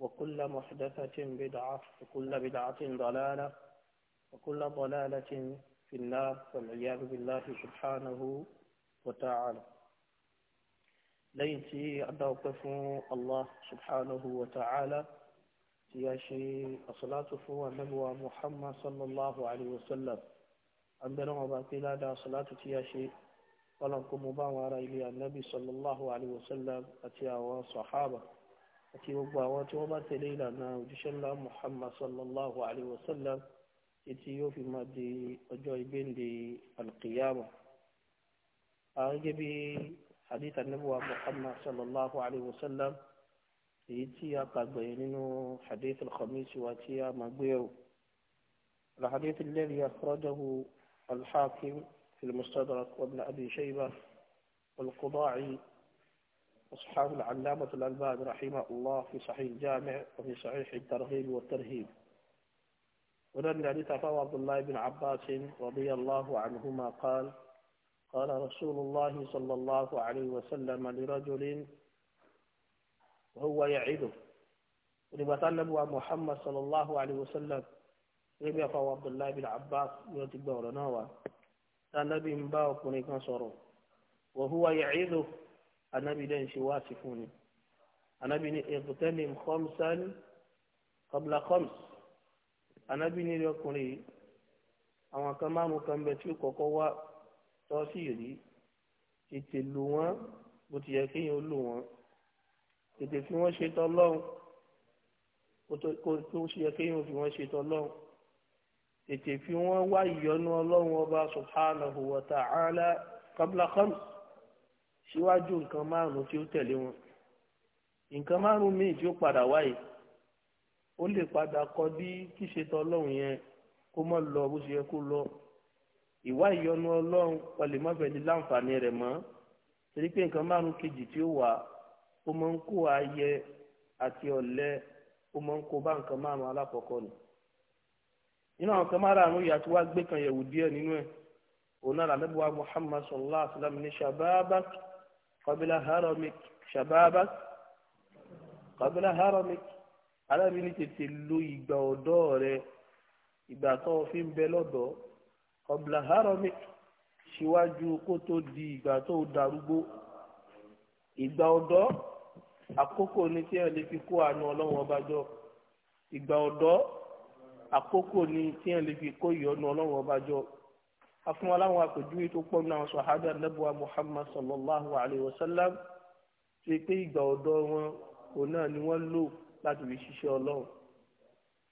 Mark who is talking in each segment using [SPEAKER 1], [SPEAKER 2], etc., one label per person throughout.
[SPEAKER 1] وكل محدثة بدعة وكل بدعة ضلالة وكل ضلالة في النار والعياذ بالله سبحانه وتعالى ليتي أدوقف الله سبحانه وتعالى تياشي الصلاة فو النبوة محمد صلى الله عليه وسلم عندنا وباقيلا دا صلاة تياشي ولنكم مباورة إلى النبي صلى الله عليه وسلم أتيا وصحابه àti gbogbo àwọn tí wọ́n bá tẹ̀lé ìlànà òjíṣẹ́ ńlá Muhammad sallallahu alayhi wa sallam títí yóò fi máa di ọjọ́ ìgbéǹde alqiyama. àwọn gẹ́gẹ́ bí hadith anabuwa Muhammad sallallahu alayhi wa sallam èyí tí a kà gbẹ̀yìn nínú hadith alkhamis wa tí a máa gbé o. الحديث الذي أخرجه الحاكم في المستدرك وابن أبي شيبة والقضاعي أصحاب العلامة الألباني رحمه الله في صحيح الجامع وفي صحيح الترغيب والترهيب ولن حديث عبد الله بن عباس رضي الله عنهما قال قال رسول الله صلى الله عليه وسلم لرجل وهو يعده عن محمد صلى الله عليه وسلم لم afọ عبد الله بن عباس يوتي wọn قال نبي ọ̀rọ̀ náà وهو tá anábì dẹ́n ṣe wá sí fún ni anábì ní iqtanim khamsan qabla khams anábì ní ọkùnrin àwọn kan márùn kan bẹ tí ó kọ́kọ́ wá tọ́ sí rí tètè lò wọ́n bó ti yẹ kéèyàn ó lò wọ́n tètè fi wọ́n ṣe tọ́lọ́hún kó tó ṣe kéèyàn fi wọ́n ṣe tọ́lọ́hún tètè fi wọ́n wá ìyọ́nú ọlọ́run ọba subhanahu wa ta'ala qabla khams síwájú nǹkan márùn-ún tí ó tẹ̀lé wọn nǹkan márùn-ún míì tí ó
[SPEAKER 2] padà wáyé ó lè padà kọ bí kíṣe tọlọ́run yẹn kó mọ́ lọ bó ṣe yẹ kó lọ ìwá ìyọnu ọlọ́run ọlẹ́ má fẹ́ ní láǹfààní rẹ̀ mọ́
[SPEAKER 1] torí pé nǹkan márùn-ún kejì tí ó wà ó máa ń kó ayẹ àti ọ̀lẹ ó máa ń kó bá nǹkan márùn-ún alákọ̀ọ́kọ́ nù nínú àwọn kan márùn-ún yìí àti wá gbé kan yẹ̀wò díẹ̀ nínú ẹ̀ òun náà làbẹ́bọ̀ wa Muhammad sallallahu alayhi wa sallam ní sábàbà qabla haramik shababak qabla
[SPEAKER 2] haramik arábìnrin tètè lo ìgbà ọ̀dọ́ rẹ ìgbà tó o fi ń bẹ lọ́dọ̀ qabla haramik síwájú kó tó di ìgbà tó o darúgbó ìgbà ọ̀dọ́ àkókò ni tí ẹ lè fi kó àánú ọlọ́run ọba jọ ìgbà ọ̀dọ́ àkókò ni tí ẹ lè fi kó
[SPEAKER 1] ìyọ́nú ọlọ́run ọba jọ afun aláwọn àpèjúwe tó pọ̀ náà sọ̀hádà nẹ́bùwà muhammad sallallahu alayhi wa sallam ṣe pé ìgbà ọ̀dọ́ wọn òun náà ni wọ́n lò
[SPEAKER 2] láti fi ṣiṣẹ́ ọlọ́run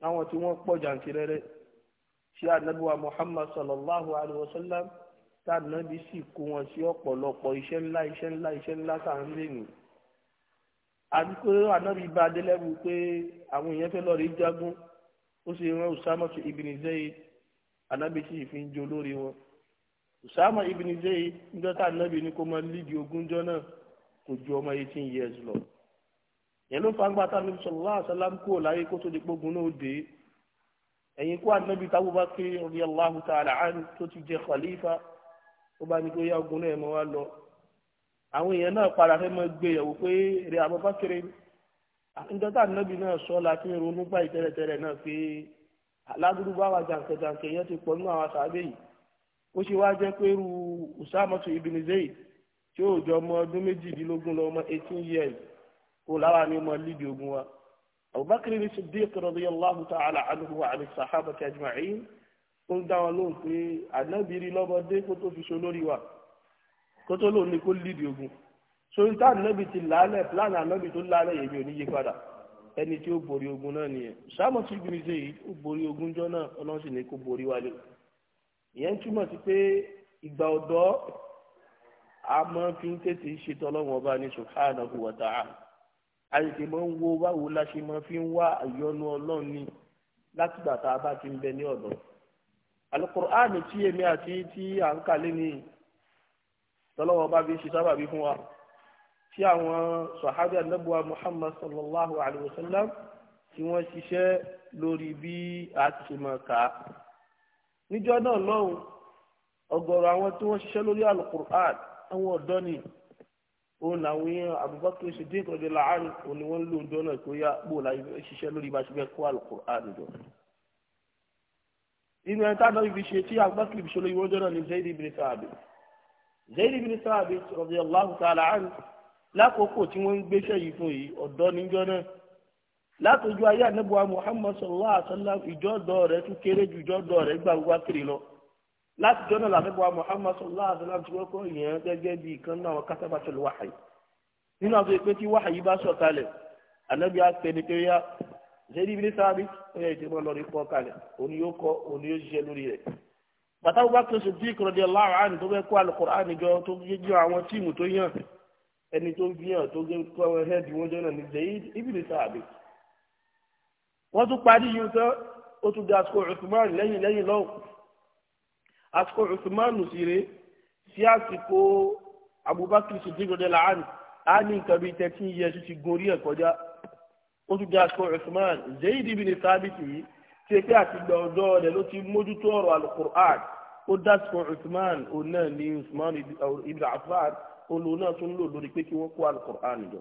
[SPEAKER 2] àwọn tí wọ́n pọ̀ jàǹtìrẹrẹ ṣe ànẹ́bùwà muhammad sallallahu alayhi wa sallam tá ànábì sì kó wọn sí ọ̀pọ̀lọpọ̀ iṣẹ́ ńlá iṣẹ́ ńlá iṣẹ́ ńlá tá à ń lè àti pé ànábì bá adélẹ́bù pé àwọn èèyàn fẹ́ lọ́ọ́ rí jagun ó sì rán usama ibn zayd ànábì sì fi jo lórí wọn usama ibn zayd njọ́tà Nabi ni kò máa lídìí ogúnjọ́ náà kò ju ọmọ eighteen years lo. yẹn ló fàgbà tá nàbì sallallahu alaihi wasallam kú láyé kó tó di pógun náà dé ẹ̀yìn kó ànábì tábùbákiri radiyallahu ta'ala anhu tó ti jẹ khalifa ó bá ní kó yá ogun náà ẹ̀ mọ́ wá lọ àwọn èèyàn náà padà fẹ́ mọ́ gbé yẹ̀wò pé rẹ̀ àbọ̀bákiri àtúntọ́tà nàbì náà sọ láti ronú gbà ìtẹ́lẹ̀tẹ́lẹ̀ náà pé aládùúgbò àwọn jàǹkẹ̀jàǹkẹ̀ yẹn ti pọ̀ nínú àwọn sàábẹ̀ ó ṣe wá jẹ́ pé ru usamatu ibn zayd tí ó jọ ọmọ ọdún méjìdínlógún lọ ọmọ eighteen years ó lára ní ọmọ lídìí ogun wa abubakar ní siddiq radiyallahu ta'ala anhu wa alayhi sahabati ajma'in ó ń dá wọn lóhùn pé ànábìrì lọ́mọdé kó tó fi so lórí wa kó tó lóhùn ní kó lídìí ogun sórí tá ànábì ti lálẹ̀ plan ànábì tó lálẹ̀ yèmí ò ní yí padà ẹni tí ó borí ogun náà nìyẹn usamatu ibn zayd ó borí ogun jọ náà ọlọ́sìn ní kó borí wálé ìyẹn túmọ̀ sí pé ìgbà ọ̀dọ́ a máa fi ń tètè ṣètò ọlọ́run ọba ní subhanahu wa ta'ala a lè ṣe máa ń wo báwo la ṣe máa fi ń wá àyọnu ọlọ́run ni látìgbà tá a bá ti ń bẹ ní ọ̀dọ́ alukur'an tí èmi àti tí à ń kàlẹ́ ní tọ́lọ́wọ́ ọba fi ṣe sábàbí fún wa tí àwọn sọ̀hábí anábùwà muhammad sallallahu alayhi wa sallam tí wọ́n ṣiṣẹ́ lórí bí a ti ṣe máa kà á níjọ́ náà lọ́hùn ọ̀gọ̀rọ̀ àwọn tí wọ́n ṣiṣẹ́ lórí alukur'an àwọn ọ̀dọ́ ni òun làwọn èèyàn Abubakar Siddiq rọdí làánù òun ni wọ́n ń lò ọjọ́ náà kó yá bó láyé ṣiṣẹ́ lórí bá ṣe fẹ́ kó alukur'an jọ. inú ẹni táwọn ibi ṣe tí Abubakar ṣe lórí wọ́n jọ ni Zayd ibn Thabit Zayd ibn Thabit rọdí Allahu ta'ala anhu lákòókò tí wọ́n ń gbéṣẹ́ yìí fún yìí ọ̀dọ́ níjọ́ náà látòjú ayé ànábùwà muhammad sallallahu alaihi wa sallam ìjọ́dọ̀ rẹ̀ tún kéré ju ìjọ́dọ̀ rẹ̀ gbà wá kiri lọ láti jọ́nà làbẹ́bùwà muhammad sallallahu alaihi wa sallam ti kọ́kọ́ yẹn gẹ́gẹ́ bí ìkan náà katabatul wahyi nínú àwọn ìpè tí wahyi bá sọ̀ kalẹ̀ ànábì àpè ní kéwìá zẹ́ni ibi ní sáàbì ó yẹ ìdìbò lọ́rí kọ́ kalẹ̀ òní yóò kọ́ òní yóò ṣiṣẹ́ lórí rẹ̀ bàtà Abubakar Siddiq al-Qur'an jọ tó yíjú àwọn tíìmù tó yàn ẹni tó yàn tó gé wọ́n tún parí yìí tán ó tún di àsìkò Usman lẹ́yìn lẹ́yìn lọ́hùn àsìkò Usman sì rèé sí àsìkò Abubakar Siddiq rọdẹlá àná á ní nǹkan bíi thirteen years ti gorí ẹ̀ kọjá ó tún di àsìkò Usman Zayd ibn Thabit yìí tí ẹ pé àtìgbà ọ̀dọ́ rẹ̀ ló ti mójútó ọ̀rọ̀ alukur'an ó dá àsìkò Usman òun náà ní Usman ibn Affan òun náà tún lò lórí pé kí wọ́n kó alukur'an jọ.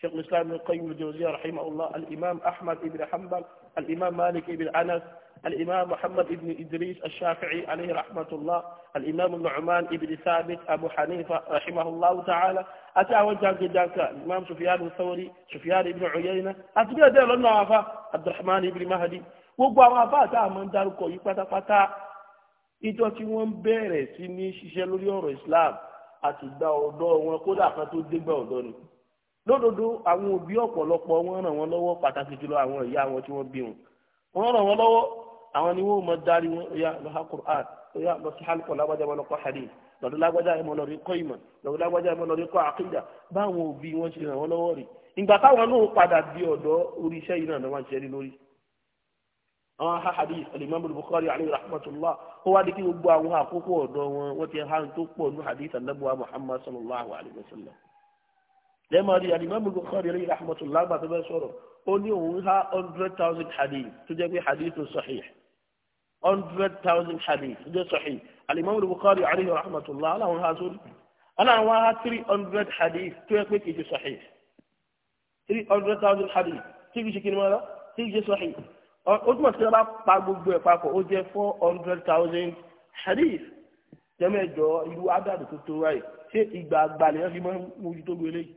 [SPEAKER 2] شيخ الإسلام ابن القيم الجوزية رحمه الله الإمام أحمد بن حنبل الإمام مالك بن أنس الإمام محمد بن إدريس الشافعي عليه رحمة الله الإمام النعمان بن ثابت أبو حنيفة رحمه الله تعالى أتى وجه جدانك الإمام سفيان الثوري سفيان بن عيينة أتبع دير عبد الرحمن بن مهدي gbogbo àwọn àbáàtà من دار pátápátá ìjọ tí wọ́n bẹ̀rẹ̀ sí ní ṣiṣẹ́ lórí ọ̀rọ̀ Islam àtìgbà ọ̀dọ́ wọn kódà kan tó dégbà ọ̀dọ́ ni lódodo àwọn òbí ọ̀pọ̀lọpọ̀ wọn ràn wọ́n lọ́wọ́ pàtàkì jùlọ àwọn ìyá wọn tí wọ́n bí wọn wọ́n ràn wọ́n lọ́wọ́ àwọn ni wọ́n mọ darí wọn ya lọ́ha Qur'an ya lọ sí halkọ lágbájá wọn lọ́kọ́ hadith lọ́dọ̀ lágbájá ẹ̀ mọ́ lọ rí kọ́ ìmọ̀ lọ́dọ̀ lágbájá ẹ̀ mọ́ lọ rí kọ́ àkídà báwọn òbí wọn ṣe ràn wọ́n lọ́wọ́ rè ìgbà táwọn náà padà bí ọ̀dọ́ orí iṣẹ́ yìí náà lọ́wọ́ ṣe rí lórí. àwọn hadith al-Imam al-Bukhari alayhi rahmatullah ó wá di kí gbogbo àwọn àkókò ọ̀dọ́ wọn wọ́n ti hàn tó pọ̀ ní hadith anabuwa Muhammad sallallahu alayhi wa sallam lẹ́mọ̀rí alimami bukhari rí rahmatulah gba tó bẹ́ sọ̀rọ̀ ó ní òun ha hundred thousand hadith tó jẹ́ pé hadith tó sahih hundred thousand hadith tó jẹ́ sahih alimami bukhari alayhi rahmatulah aláwọn ha sórí aláwọn ha three hundred hadith tó yẹ pé kìí ṣe sahih three hundred thousand hadith tí kìí ṣe kí ni wọ́n lọ tí kìí ṣe sahih ó túmọ̀ sí ọba pa gbogbo ẹ̀ papọ̀ ó jẹ́ four hundred thousand hadith jẹ́mẹ̀jọ ìlú adadu tó tó wáyé ṣé ìgbà àgbà lè fi máa ń mójútó gbélé yìí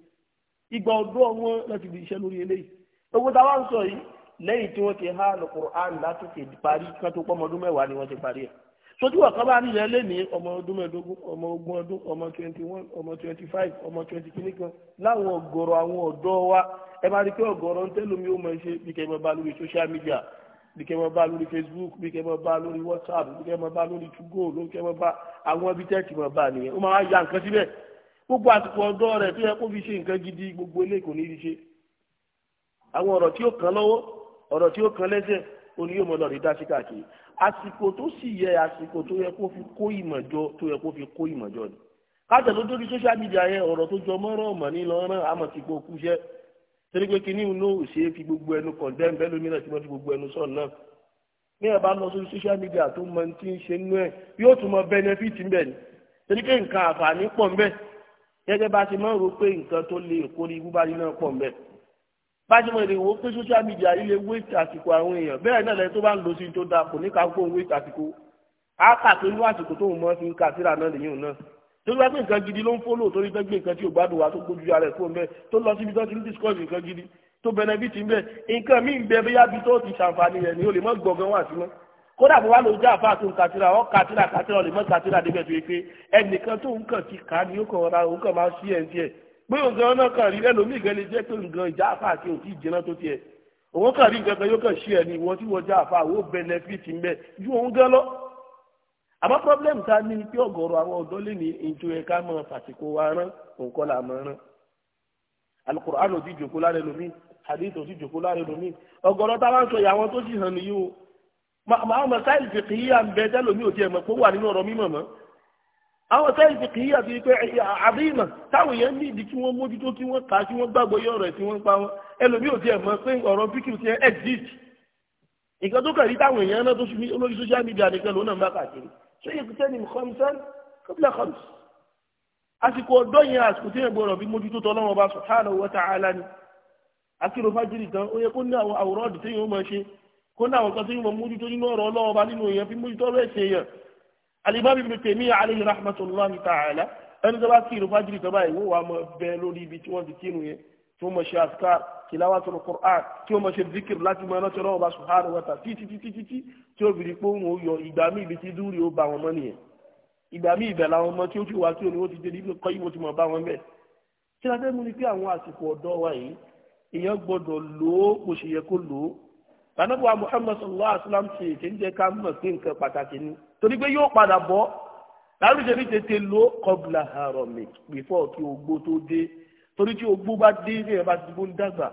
[SPEAKER 2] ìgbà ọ̀dọ́ wọn láti fi iṣẹ́ lórí eléyìí owó táwa ń sọ yìí lẹ́yìn tí wọ́n ti há alukur'an láti fi parí kan tó pọ́ ọdún mẹ́wàá ni wọ́n ti parí ẹ̀ sojú ọ̀kan bá nílẹ̀ lé ní ọmọ ọdún mẹ́ẹ̀ẹ́dógún ọmọ ogún ọdún ọmọ twenty one ọmọ twenty five ọmọ twenty kìíní kan láwọn ọ̀gọ̀rọ̀ àwọn ọ̀dọ́ wa ẹ máa rí pé ọ̀gọ̀rọ̀ ń tẹ́lómi ó máa ṣe bí kẹ́ bá lórí social media bí kẹ́ mọ́ bá lórí facebook bí kẹ́ mọ́ bá lórí whatsapp bí kẹ́ mọ́ bá lórí tugo ló kẹ́ mọ́ bá àwọn ibi tẹ́ẹ̀tì mọ́ bá nìyẹn ó máa wá ya nǹkan síbẹ̀ gbogbo àsìkò ndọrọ rẹ̀ tó yẹ kó fi ṣe nǹkan gidi gbogbo ilé kò ní í ṣe àwọn ọ̀rọ̀ tí ó kàn lọ́wọ́ ọ̀rọ̀ tí ó kàn lẹ́sẹ̀ òní yóò mọ lọ rí dá sí káàkiri àsìkò tó sì yẹ àsìkò tó fi kó ìmọ̀ jọ tó yẹ kó fi kó ìmọ̀ jọ ni káàtà dórí social media yẹn ọrọ tó jọ mọ́rọ̀ ọ̀mọ̀ ní lọ́rán kú fi gbogbo ẹnu tí wọ́n gbogbo ẹnu náà ní lọ sórí tó mọ ti ń ṣe nú ẹ̀ yóò tún mọ gẹ́gẹ́ bá ti máa ń rò pé nǹkan tó lè kórí ibú bá nínú pọ̀ mbẹ́ bájúmọ̀ lè wo pé social media yìí lè wéètì àsìkò àwọn èèyàn bẹ́ẹ̀ náà lẹ́yìn tó bá ń lo sí tó dáa kò ní ká kó òun wéètì àsìkò á kà pé inú àsìkò tóun mọ́ fi ń kà síra náà lèyìn náà torí wá pé nǹkan gidi ló ń fọ́lò torí fẹ́ gbé nǹkan tí ò gbádùn wá tó gbójú ara ẹ̀ fún un bẹ́ẹ̀ tó lọ síbi tó ti ń discuss nǹkan gidi tó benefit ń bẹ nǹkan míì ń bẹ bóyá bí tó ti ṣàǹfààní rẹ̀ ni o lè mọ́ gbọ̀ngàn wà sí mọ́ kódà bó wà ló jẹ́ àfa tó ń katira ọ́ katira katira ọ̀lẹ́mọ́ katira débẹ̀ tó yẹ pé ẹnìkan tó ń kàn ti kà á ní ó kàn ra òun kàn máa ṣí ẹ̀ ń tiẹ̀ pé òun gan náà kàn rí ẹlòmíì gan lè jẹ́ pé nǹkan ìjà àfa àti òtí ìjìnà tó tiẹ̀ òun kàn rí nǹkan kan yóò kàn ṣí ẹ̀ ní ìwọ tí wọ́n jẹ́ àfa àwọn bẹnẹfìtì ń ju òun gan lọ. àmọ́ pọ́blẹ́mù ta ni pé ọ̀gọ̀rọ̀ àwọn ọ̀dọ́ lè ní ìjọ ẹ̀ka mọ fàtìkò wa rán òun kọ́ làmọ́ rán alukur'an ò ti jòkó lára ẹlòmíì hadith ò ti jòkó àwọn masáìlì fìkìyà ń bẹ tẹ́lómi ò tiẹ̀ mọ̀ pé ó wà nínú ọ̀rọ̀ mímọ̀ mọ́ àwọn sáyẹn fi kì í àti pé àbímọ táwọn èèyàn ní ìdí kí wọ́n mójútó kí wọ́n kà á kí wọ́n gbàgbọ́ yọ ọ̀rọ̀ tí wọ́n pa wọn ẹlòmíì ò tiẹ̀ mọ̀ pé ọ̀rọ̀ fíkì ti exist nǹkan tó kàrí táwọn èèyàn náà tó fi olórí social media nìkan lónà ń bá káàkiri ṣé yẹ kó ní àwọn kan tó yín mọ mójútó nínú ọ̀rọ̀ ọlọ́wọ́ bá nínú èèyàn fi mójútó ọ̀rọ̀ ẹ̀sìn èèyàn alimami ibn tèmíyà aleyhi rahmatulahi ta'ala ẹni tó bá kírun fájìrì tó báyìí wọ́n wà mọ bẹ́ẹ̀ lórí ibi tí wọ́n ti kírun yẹn tí wọ́n mọ ṣe àfikà tilawatul Qur'an tí wọ́n mọ ṣe zikir láti mọ ẹlọ́tọ̀ náà wọ́n subhanahu wa ta'ala títí títí títí tí ó bìrì pé òun yọ ìgbà míì ibi tí dúró ó bá wọn mọ nìyẹn ìgbà míì ibẹ̀ làwọn ọmọ tí ó ti wá tí òun ó ti dé níbi kọ́ yìí ti mọ̀ bá wọn bẹ́ẹ̀. kí la fẹ́ ni pé àwọn àsìkò ọ̀dọ́ wa yìí èèyàn gbọ́dọ̀ lò ó kò ṣe yẹ kó lò ó tànàbùwà Muhammad sallallahu alaihi wa sallam ṣe èké ń jẹ́ ká mọ̀ sí nǹkan pàtàkì ni torí pé yóò padà bọ́ lárúṣe ní tètè ló kọbla haromi before kí ogbó tó dé torí tí ogbó bá dé ní ẹ̀ bá ti bó ń dàgbà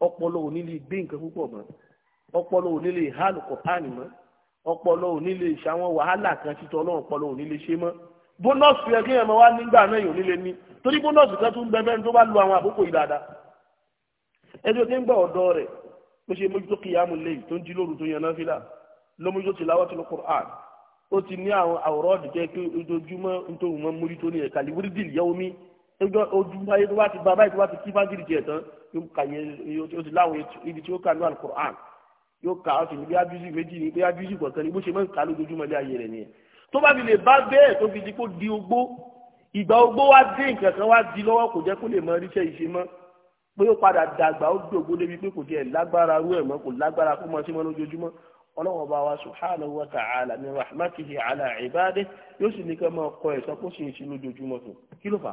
[SPEAKER 2] ọpọlọ ò ní lè gbé nǹkan púpọ̀ mọ́ ọpọlọ ò ní lè hàn kọ̀pánì mọ́ ọpọlọ ò ní lè ṣàwọn wàhálà kan títọ́ ọlọ́run ọpọlọ ò ní lè ṣe mọ́ bónọ́ọ̀sì yẹn ẹ̀ máa wá nígbà náà yóò ní ní torí bónọ́ọ̀sì kan tún bẹ bẹ́ẹ̀ tó bá lu àwọn àkókò yìí dáadáa ẹjọ́ tí ń gbọ́ ọ̀dọ́ rẹ̀ bó ṣe mójútó kìyàmù lẹ́yìn tó ń jí lóru tó yan náfìlà ló mójútó tilawatul Qur'an ó ti ní àwọn àwòrán ọ̀dùnkẹ́ pé ojoojúmọ́ nítorí wọn mójútó ní ẹ̀ka liwuridil yawmi ojúmọ́ ayé tó bá ti ba báyìí tó bá ti kí fagiri jẹ tán yóò kà yẹn yóò ti láwọn ibi tí ó kà ní alukur'an yóò kà á sì ní bí abiyusi méjì ní bí abiyusi kọ̀ọ̀kan ní bó ṣe máa ń kà lójoojúmọ́ ilé ayé rẹ̀ nìyẹn tó bá fi lè bá bẹ́ẹ̀ tó fi di kó di ogbó ìgbà ogbó wá dé nǹkan kan wá di lọ́wọ́ kò jẹ́ kó lè mọ iṣẹ́ ìṣe mọ́ pé ó padà dàgbà ó dògbó débi pé kò tiẹ̀ lágbára rú ẹ̀ mọ́ kò lágbára kó mọ sí mọ́ lójoojúmọ́ ọlọ́wọ́n bá wa subhanahu wa ta'ala ní rahmatihi ala ibade yóò sì ní ká máa kọ ẹ̀sán kó sì ń sin lójoojúmọ́ fún kí ló fà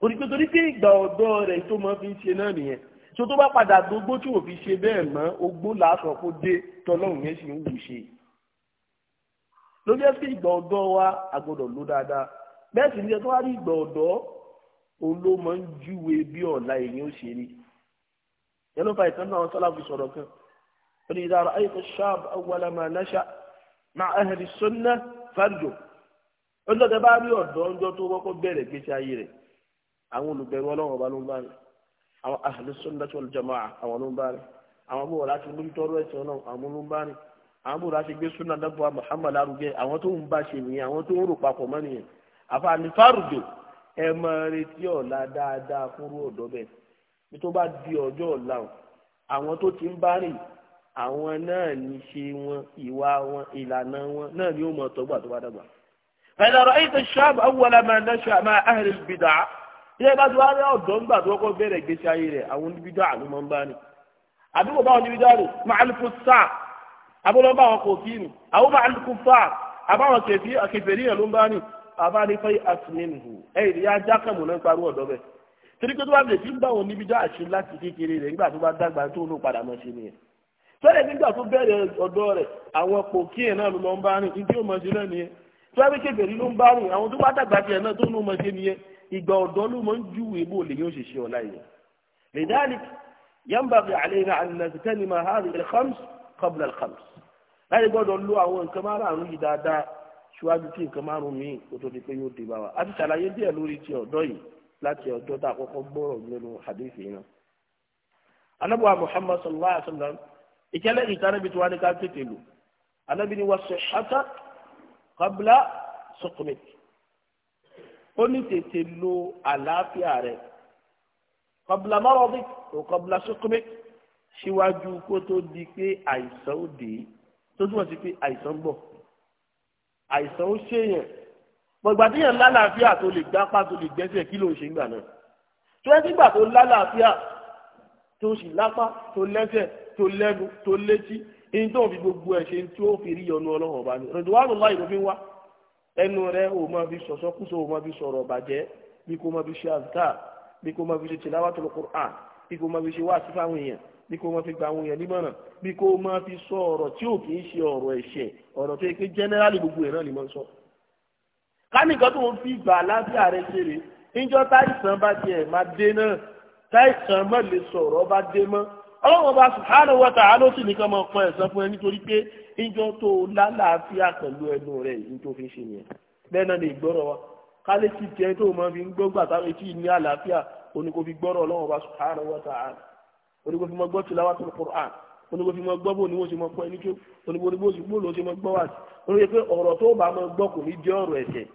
[SPEAKER 2] torí pé torí pé ìgbà ọ̀dọ́ rẹ̀ tó máa fi ń ṣe náà nìyẹn tó tó bá padà dógbó tí ò fi ṣe bẹ́ẹ̀ mọ́ ogbó làásọ̀ kó dé tọ́lọ́run yẹn sì ń wù ṣe lórí ẹsẹ ìgbà ọ̀dọ́ wa agbọ́dọ̀ ló dáadáa bẹ́ẹ̀ sì ní ẹ tó wá rí ìgbà ọ̀dọ́ òun ló máa ń júwe bí ọ̀la èyí ó ṣe rí yẹn ló fa ìtàn náà sọlá fi sọ̀rọ̀ kan ó ní ìdára ayíkọ ṣáàb awwala ma nasha ma ahli sunna farjo ó ní ọ̀tẹ̀ bá rí ọ̀dọ́ ọjọ́ tó kọ́kọ́ bẹ̀rẹ̀ gbèsè ayé rẹ̀ àwọn olùbẹ̀rù ọlọ́run ọba ló ń bá rẹ̀ àwọn ahli sunna wal jamaa àwọn ló ń bá rẹ̀ àwọn bó wọ́n láti lóyún tọ́rọ ẹ̀sìn ọlọ́run àwọn ló ń bá rẹ̀ àwọn bó láti gbé sunna bí tó bá di ọjọ́ ọ̀la o àwọn tó ti ń bá rìn àwọn náà ní ṣe wọn ìwà wọn ìlànà wọn náà ni ó mọ ọtọgbà tó bá dàgbà. فإذا رأيت الشاب أول ما نشأ مع أهل البدع ilé bá ti wá rí ọ̀dọ́ ńgbà tó kọ́kọ́ bẹ̀rẹ̀ gbèsè ayé rẹ̀ àwọn oníbídà ló máa ń bá ní. àdúgbò báwọn oníbídà rè màálùkù sáà abúlọ́ba àwọn kò fi nù àwọn màálùkù fáà àbáwọn kẹfì àkẹfẹ̀rí ló ń bá ní. àbá ní torí pé tó bá bẹ̀rẹ̀ sí ń bá wọn níbi jọ àṣe láti kékeré rẹ̀ nígbà tó bá dàgbà tó ló padà mọ́ ṣe nìyẹn sọ́dẹ̀ nígbà tó bẹ̀rẹ̀ ọ̀dọ́ rẹ̀ àwọn pòkí ẹ̀ náà ló lọ ń bá rìn ní tí ó mọ̀ ṣe náà nìyẹn tó bá kékeré rí ló ń bá rìn àwọn tó bá dàgbà tiẹ̀ náà tó ló mọ̀ ṣe nìyẹn ìgbà ọ̀dọ́ ló mọ̀ ń júwèé bó lè yóò ṣe ṣe ọ̀la yẹn lidalik yanbaghi alayna an najtanima hadhihi al-khams qabla al ṣíwájú tí nǹkan márùn-ún míì kó tó di pé yóò dé bá wa a ti ṣàlàyé díẹ̀ lórí ti ọ̀dọ́ yìí láti ọjọ́ tá a kọ́kọ́ gbọ́rọ̀ lẹ́nu hadith yìí náà. anábọ̀ muhammad sallallahu alayhi wa sallam ìkẹlẹ́ ìtànàbí tí wàá ní ká tètè lò anábì ni wàá sọ ṣáta kabla sọkùnrin ó ní tètè lo àlàáfíà rẹ̀ kabla mọ́rọ́dì ò kabla sọkùnrin síwájú kó tó di pé àìsàn ó dé tó túmọ̀ sí pé àìsàn ń bọ̀ àìsàn ó ṣèyàn pọ̀gbà tí yàn lálàáfíà tó lè gbápá tó lè gbẹ́sẹ̀ kí ló ń ṣe ń gbà náà tó ẹ́ sígbà tó lálàáfíà tó sì lápá tó lẹ́sẹ̀ tó lẹ́nu tó létí ẹni tó ń fi gbogbo ẹ̀ ṣe tí ó fi rí ọnu ọlọ́run ọba ni rẹ̀dùn wàhálà láì ló wá ẹnu rẹ ò máa fi sọ̀sọ́ kúso ò máa fi sọ̀rọ̀ bàjẹ́ bí kò máa fi ṣe àzùká bí kò máa fi ṣe tìláwàtul Qur'an bí kò máa fi ṣe wáàsí fáwọn èèyàn bí kò máa fi gba àwọn èèyàn nímọ̀ràn bí kò máa fi sọ ọ̀rọ̀ tí ò kánìkan tó ń fi ìgbà àlàáfíà rẹ ṣeré níjọ táìsàn bá tiẹ̀ máa dé náà táìsàn mọ̀ lè sọ̀rọ̀ bá dé mọ́ ọlọ́run ọba subhanahu wa ta'ala ló sì nìkan máa pọn ẹ̀san fún ẹ nítorí pé níjọ tó lálàáfíà pẹ̀lú ẹnu rẹ yìí tó fi ń ṣe nìyẹn bẹ́ẹ̀ náà lè gbọ́rọ̀ wa kálí tí tiẹ̀ tó máa fi ń gbọ́ gbà táwọn etí ní àlàáfíà oníkó fi gbọ́rọ̀ ọlọ́run ni wọ́n bá mọ gbọ́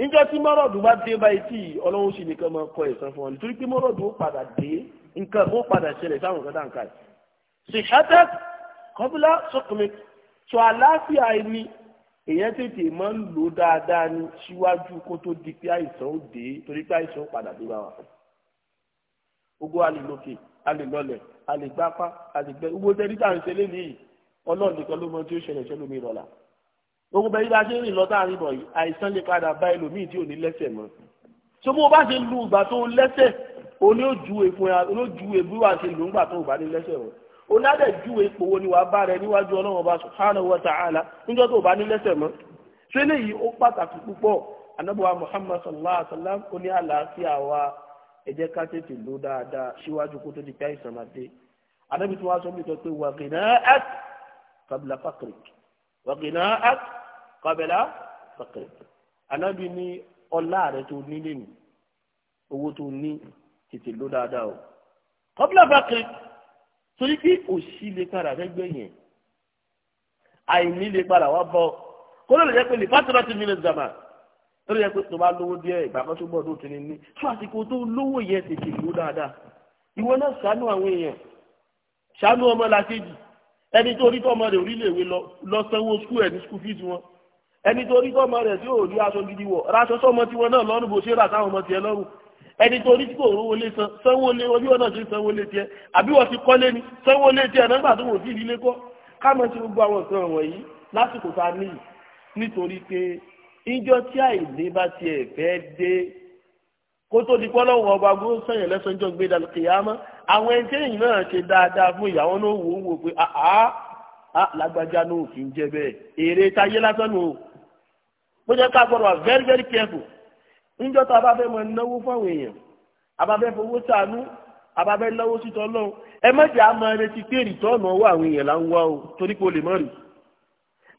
[SPEAKER 2] níjọ́ tí mọ́rọ̀dù bá dé báyìí tí ọlọ́run sì nìkan máa kọ ẹ̀san fún ọ nítorí pé mọ́rọ̀dù ó padà dé nǹkan ó padà ṣẹlẹ̀ sáwọn nǹkan dáǹkà yìí. sèhátẹ́ kọ́bílá sọkùnmi sọ àlàáfíà ẹni èèyàn tètè máa ń lò dáadáa ní síwájú kó tó di pé àìsàn ó dé torí pé àìsàn ó padà dé bá wa. ogbó alèlókè alèlọlẹ̀ alègbápá alègbẹ́ gbogbo tẹ́lifà ń ṣe lé gbogbo bẹ́ẹ̀ bí a ṣe ń rìn lọ táàrin bọ̀ yìí àìsàn lè padà bá ẹlòmíì tí ò ní lẹ́sẹ̀ mọ́ so bó o bá ṣe lu ìgbà tó lẹ́sẹ̀ o ní ó ju èfun ya o ní ó ju èbú ṣe lu ìgbà tó o bá ní lẹ́sẹ̀ mọ́ o ní adẹ̀ ju èpò ni wàá bá rẹ níwájú ọlọ́run ọba subhanahu wa ta'ala níjọ́ tó o bá ní lẹ́sẹ̀ mọ́ ṣé léyìí ó pàtàkì púpọ̀ anábọ̀wá muhammad sallallahu
[SPEAKER 1] alayhi wa sallam ó ní
[SPEAKER 2] wa ẹ kọ́bẹ̀lá sọ̀kẹ̀ anábì ní ọlá rẹ tó ní ni owó tó ní tètè ló dáadáa o kọ́bẹ̀lá bàkẹ́ torí pé òṣì lè padà fẹ́ gbẹ̀yìn àìní lè padà wá bọ́ kó ló lè jẹ́ pé lè pátọ́lá ti mílẹ̀ zàmà ó lè jẹ́ pé tó bá lówó díẹ̀ ìgbà kan tó gbọ́ tó ti ní ní fún àsìkò tó lówó yẹn tètè ló dáadáa ìwọ náà ṣàánú àwọn èèyàn ṣàánú ọmọ làkejì ẹni tó rí tọmọ rẹ orílẹ̀-èwe lọ sanwó skul ẹ̀ ní skul fees wọn ẹni tó rí sọmọ rẹ̀ tí ò rí aṣọ gidi wọ̀ raṣọ sọmọ tiwọn náà lọ́rùn bó ṣe rà sáwọn ọmọ tiẹ̀ lọ́rùn ẹni tó rí tí kò rówó lé san sanwó lé orí ọ̀nà ṣe sanwó lé tiẹ̀ àbí wọ́n ti kọ́lé ni sanwó lé tiẹ̀ nígbà tó wò sí ilé kọ́ káàmọ́ ṣe gbogbo àwọn nǹkan wọ̀nyí lásìkò tá a níyì nítorí pé ìjọ tí àìlè bá tiẹ̀ fẹ́ dé kó tó di pọ́ lọ́wọ́ ọba gbó sẹ́yìn lẹ́sọ̀ ìjọ gbé dàlù àwọn ẹni tẹ́yìn náà ṣe dáadáa fún ìyàwó náà wò ó wò pé àá lágbájá náà kì í jẹ bẹ́ẹ̀ èrè táyé lásán nù ó jẹ́ ká gbọ́dọ̀ wà very very careful níjọ́ tá a bá fẹ́ mọ náwó fáwọn èèyàn a bá fẹ́ fowó sànú a bá fẹ́ náwó sítọ́ lọ́wọ́ ẹ má jẹ́ àmọ́ retí pé rìtọ́ọ̀nù ọwọ́ àwọn èèyàn là ń wá o torí pé o lè mọ̀ rí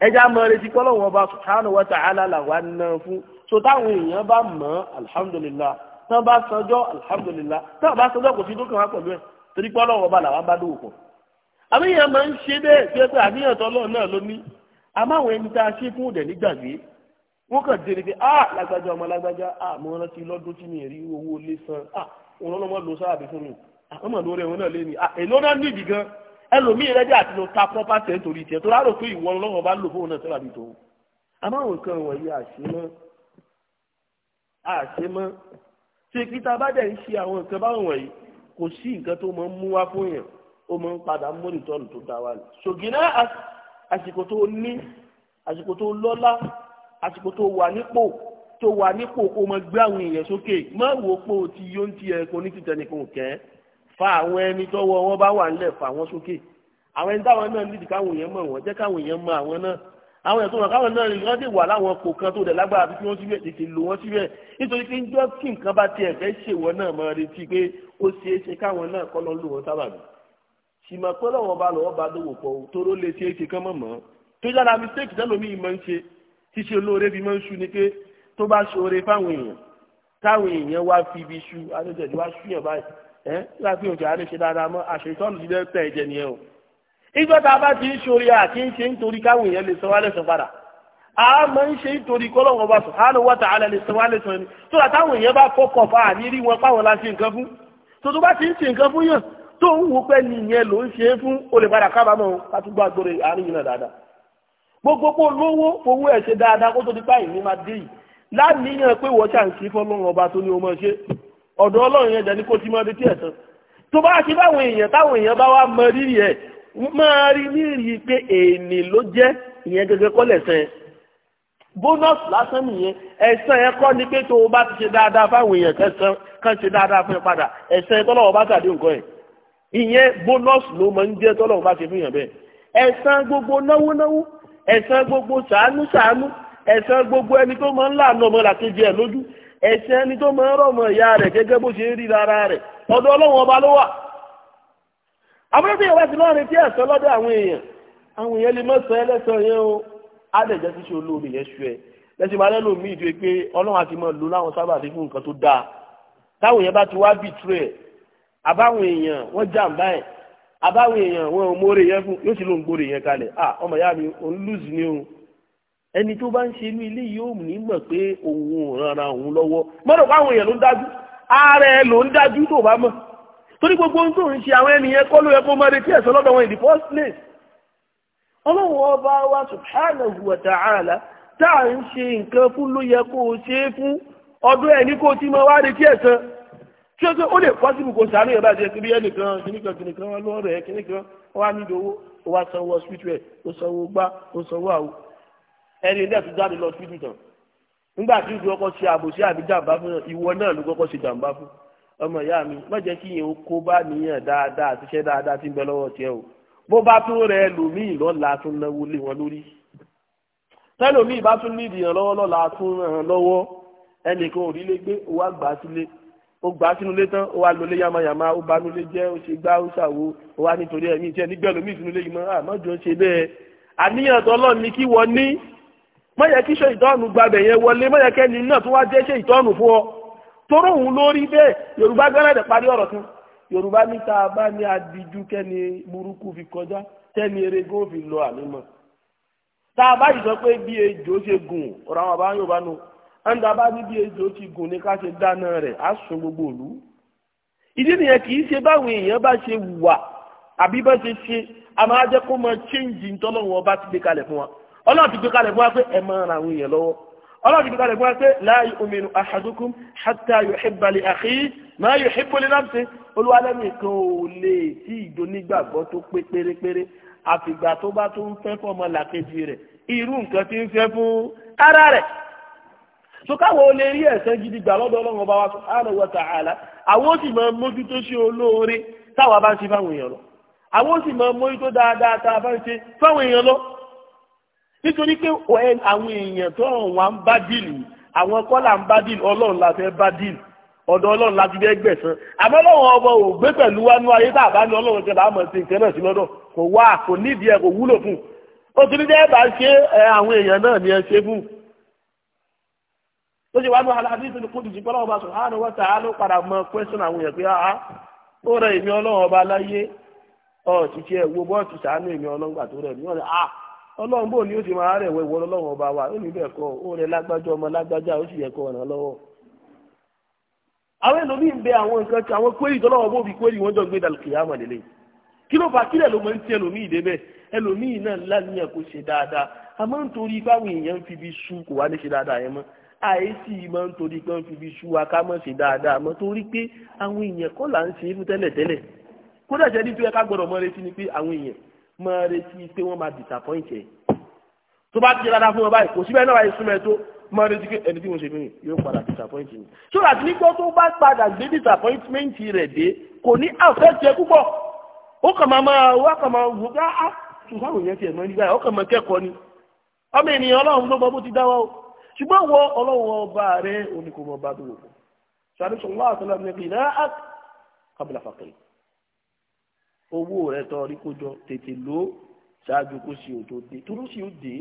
[SPEAKER 2] ẹ jẹ́ àmọ́ retí kọ́lọ́wọ́ ọba subhanahu wa ta'ala là wà ná fún so táwọn èèyàn bá mọ̀ alhamdulillah tán bá sanjọ́ alhamdulillah tán bá sanjọ́ kò sí tó kàn wá pẹ̀lú ẹ̀ torí pé ọlọ́wọ́ ọba làwọn bá dòwò pọ̀ àmì yẹn máa ń ṣe bẹ́ẹ̀ pé àníyàn tọ́lọ́ wọ́n kàn dé ni ah lágbájá ọmọ lágbájá ah mo rántí lọ́dún tí mi rí owó lé san ah òun lọ́mọ lọ sáàbì fún mi àmọ́ ah, lórí ẹ̀wọ̀n náà lé ni ah èló náà níbi gan ẹlòmíì rẹ jẹ́ àti lọ ta property nítorí tiẹ̀ tó rárò pé ìwọ ọlọ́run bá lò fóun náà sábàbí tó àmọ́ àwọn nǹkan wọ̀nyí àṣemọ́ àṣemọ́ ṣe kí tá a bá dẹ̀ ń ṣe àwọn nǹkan báwọn wọ̀nyí kò sí nǹkan tó máa ń mú wá fún yẹn ó máa ń padà mọ́nìtọ́nù tó dá wa ni ṣògì náà àsìkò tó ní àsìkò tó lọ́lá àsìkò tó wà nípò tó wà nípò kó mọ gbé àwọn èèyàn sókè má wò pé o ti yóò ti ẹ ní tìtẹ nìkan kẹ fa àwọn ẹni tọ́wọ́ wọn bá wà nílẹ̀ fa wọn sókè àwọn ẹni táwọn náà nídìí káwọn èèyàn mọ̀ wọ́n jẹ́ káwọn èèyàn mọ̀ àwọn náà àwọn ẹ̀sùn wọn káwọn náà wọ́n ti wà láwọn kò kan tó dẹ̀ lágbára fi wọ́n síbẹ̀ tètè lò wọ́n síbẹ̀ nítorí pé njọ́ kí nǹkan bá tiẹ̀ fẹ́ ṣèwọ́ náà mọ̀ retí pé ó ṣeé ṣe káwọn náà kọ́ lọ́ lò wọ́n sábàbí sìmọ̀ pé lọ́wọ́ bá lọ́wọ́ bá dòwò pọ̀ tóró lè ṣeé ṣe kán mọ̀ mọ́ tó yára mistake tẹ́lómi ìmọ̀ ń ṣe tíṣe olóore bí máa ń ṣu ni pé tó bá ṣoore fáwọn èèyàn táwọn èèyàn wá fi ibi ṣu adójọ́jú wá ṣu yàn báyìí ẹ́ nígbà tí òjò àárẹ̀ ṣe dáadáa mọ́ àṣetọ́nù ti dẹ́tẹ̀ ẹ̀jẹ̀ nìyẹn o. ìgbà tá a bá ti ń ṣoore àti ń ṣe nítorí káwọn èèyàn lè sanwó alẹ́sàn padà a máa ń ṣe nítorí kọ́lọ́wọ́n bá subhanahu wa ta'ala lè sanwó alẹ́sàn ni tó dà táwọn èèyàn bá fọkàn fa àníírí wọn páwọn la ṣe nǹkan fún tó tó bá ti ń ṣe nǹkan fún yàn tó ń wò pẹ́ nìyẹn ló ń ṣe fún olè kábàámọ̀ ká tún gbàgbọ́ rẹ̀ àárín yìí náà dáadáa gbogbogbò lówó fowó ẹ̀ ṣe dáadáa kó tó di báyìí ní máa dé yìí láníyàn pé wọ́n ṣà ń kí fọlọ́run ọba tó ní o máa ṣe ọ̀dọ̀ ọlọ́run yẹn dání kó ti máa retí ẹ̀san tó bá ṣe báwọn èèyàn táwọn èèyàn bá wá mọ rírì ẹ̀ máa rí nírì pé èèní ló jẹ́ ìyẹn gẹ́gẹ́ kọ́ lẹ̀san ẹ̀ lásán nìyẹn ẹ̀san ẹ̀ kọ́ ni pé tó o bá ti ṣe dáadáa fáwọn èèyàn kẹsàn kan ṣe dáadáa fún ẹ padà ẹ̀san ẹ̀ tọ́lọ́wọ́ bá tàdé nǹkan ẹ̀ ìyẹn bónọ́ọ̀sì ló máa ń jẹ́ tọ́lọ́wọ́ bá ṣe fún èèyàn bẹ́ẹ̀ ẹ̀san gbogbo náwó náwó ẹ̀san gbogbo sàánú sàánú ẹ̀san gbogbo ẹni tó máa ń láàánú ọmọ làkejì ẹ̀ lójú ẹ̀san ẹni tó máa ń rọ̀mọ̀ ìyá rẹ̀ gẹ́gẹ́ bó ṣe ń rí lára rẹ̀ ọ̀dọ̀ ọlọ́run ọba ló wà. àbúrẹ́sẹ̀ yẹn wá sí lọ́rin tí ẹ̀san lọ́dọ̀ àwọn èèyàn àwọn èèyàn lè mọ̀sán ẹlẹ́sàn yẹn o àdẹ̀jẹ́ ti ṣe olóore yẹn ṣu ẹ lẹ́sìn máa lẹ́nu mi ìdúró pé ọlọ́run àti mọ̀ lò láwọn sábàbí fún nǹkan tó dáa táwọn èèyàn bá ti wá bìtúrẹ̀ àbáwọn èèyàn wọ́n jàǹbá ẹ̀ abáwọn èèyàn wọn ò mórè yẹn fún yóò sì ló gbórè yẹn kalẹ̀ à ọmọ ìyá mi òun lùzù ni òun ẹni tó bá ń ṣe inú ilé ní mọ̀ pé òun ò òun lọ́wọ́ mọ́tò káwọn èèyàn dájú ara ẹ ló ń dájú tó bá mọ̀ torí gbogbo ohun tó ń ṣe àwọn ènìyàn kọ́ ló yẹ kó máa the first place ọlọ́run ọba wa subhanahu wa ta'ala à ń ṣe fún ló yẹ kó ṣe é tí ó sọ ó lè pọ́sibù kò sàánú yẹn báyìí kiri ẹnìkan kìnìkan kìnìkan wọn lọ rẹ kìnìkan wọn á nílò owó ó wá sanwó ọsibítù ẹ ó sanwó gbá ó sanwó àwò ẹni ilé ẹ̀sùn jáde lọ ọsibítù tán nígbà tí ìlú ọkọ ṣe àbòsí àbí jàǹbá fún ìwọ náà ló kọ́kọ́ ṣe jàǹbá fún ọmọ ìyá mi má jẹ́ kí yẹn ó kó bá níyàn dáadáa àti iṣẹ́ dáadáa tí ń bẹ lọ́wọ́ tiẹ̀ o bó bá tún rẹ lòmíì lọ́la tún náwó lé wọn lórí tẹ́lòmíì bá tún nídìí ìrànlọ́wọ́ lọ́la tún ràn án lọ́wọ́ ẹnìkan ò rí lé gbé owó àgbà sílé ó gbà á sínú ilé tán ó wá lọ lé yamayama ó banú lé jẹ́ ó ṣe gbá ó ṣàwo ó wá nítorí ẹ̀mí iṣẹ́ nígbẹ́ lómi ìsínú ilé yìí mọ́ àmọ́jọ ah, ṣe bẹ́ẹ̀ àníyàn tó ni kí wọ́n ní mọ̀yẹ́ kí ṣe ìtọ́nù gbabẹ̀ yẹn wọlé mọ̀yẹ́ kẹ́ni náà tó wá jẹ́ ṣe ìtọ́nù fún ọ toró òun lórí bẹ́ẹ̀ yorùbá gánàdẹ̀ parí ọ̀rọ̀ kan yorùbá ní tá a bá ní adiju kẹ́ni burúkú fi kọjá kẹ́ni erégó fi lọ àlímọ̀ tá a bá yìí sọ pé bí ejò ṣe gùn ọ̀rọ̀ àwọn àbáyọ̀ nù Anda bá ní bí ejò ti gùn ní ká ṣe dáná rẹ̀ á sun gbogbo òlu ìdí nìyẹn kì í ṣe báwọn èèyàn bá ṣe wà àbí bá ṣe ṣe a máa jẹ́ kó máa chéǹjì ntọ́lọ́wọ́n ọba ti gbé kalẹ̀ fún wa ọlọ́run ti gbé kalẹ̀ fún wa pé ẹ máa ran àwọn èèyàn lọ́wọ́ ọlọ́run ti gbé kalẹ̀ fún wa pé la yu'minu ahadukum hatta yuhibba li akhihi ma yuhibbu li nafsihi olúwalẹ́nìkan ò lè tí ìdónígbàgbọ́ tó pé pérépéré àfìgbà tó bá tó ń fẹ́ fọmọ làkejì rẹ̀ irú nǹkan ti ń fẹ́ fún ara rẹ̀ so káwọn ó lè rí ẹ̀sẹ̀ gidi gbà lọ́dọ̀ ọlọ́run ọba wa subhanahu wa ta'ala àwọn ó sì máa mójútó sí olóore táwa bá ń ṣe fáwọn èèyàn lọ àwọn ó sì máa mójútó dáadáa tá a bá ń ṣe fáwọn èèyàn lọ nítorí pé àwọn èèyàn tó ọ̀rùn wa ń bá dìlì àwọn kọ́là ń bá dìlì ọlọ́run la fẹ́ bá dìlì ọ̀dọ̀ ọlọ́run la ti fẹ́ gbẹ̀sán àmọ́ ọlọ́run ọba ò gbé pẹ̀lú wa nú ayé tá a bá ní ọlọ́run kẹlẹ́ àmọ̀ sí nǹkan náà sí lọ́dọ̀ kò wá kò nídìí ẹ̀ kò wúlò fún un ó ti ní jẹ́ bá ṣe àwọn èèyàn náà tó ṣe n'ala ní wàhálà àdìsí ọba kúndùn jù pọ́lọ́wọ́ bá subhanahu wa ta'ala ló padà mọ kwẹ́sọ̀n àwọn èèyàn pé emi ó rẹ èmi ọlọ́run ọba láyé ọ̀tìtì ẹ̀ wo bọ́ọ̀tì sàánú èmi ọlọ́run tó ọ̀rẹ́ ọlọ́run bò ní ọba wa bẹ́ẹ̀ kọ́ ó rẹ lágbájá ọmọ lágbájá ó sì yẹ kọ́ ọ̀nà lọ́wọ́. àwọn ẹlòmíín bẹ àwọn nǹkan tí àwọn tọ́lọ́wọ́ bó àìsí máa ń torí kan fi fi ṣú wa ká mọ̀ ṣe dáadáa mọ́ torí pé àwọn èèyàn kọ́ là ń ṣe é fún tẹ́lẹ̀tẹ́lẹ̀ kódà jẹ́ ní tó yẹ ká gbọ́dọ̀ mọ́ retí ni pé àwọn èèyàn mọ́ retí pé wọ́n máa disappoint ẹ̀ tó bá ti dáadáa fún wọn báyìí kò síbẹ̀ náà wáyé súnmọ́ ẹ tó mọ́ retí pé ẹni tí mo ṣe fún yìí yóò padà disappoint mi so that nígbà tó bá padà gbé disappointment rẹ̀ dé kò ní affect ẹ púpọ̀ ó kàn máa máa wá kàn máa wò ká á ah, ah, ṣùgbọ́n àwọn èèyàn tiẹ̀ mọ́ nígbà yẹn ó kàn máa kẹ́kọ̀ọ́ ni ọmọ ènìyàn ọlọ́run ló mọ bó ti dá wa o ṣùgbọ́n wọ ọlọ́wọ́ ọba rẹ oníkùnmọ̀ bá dúró ṣàdúṣọ ńlá àtọ́lá ní bí náà kábìlà fàkìrì owó rẹ tọ́ rí kójọ tètè ló ṣáájú kó sì ò tó dé torí sì ó dé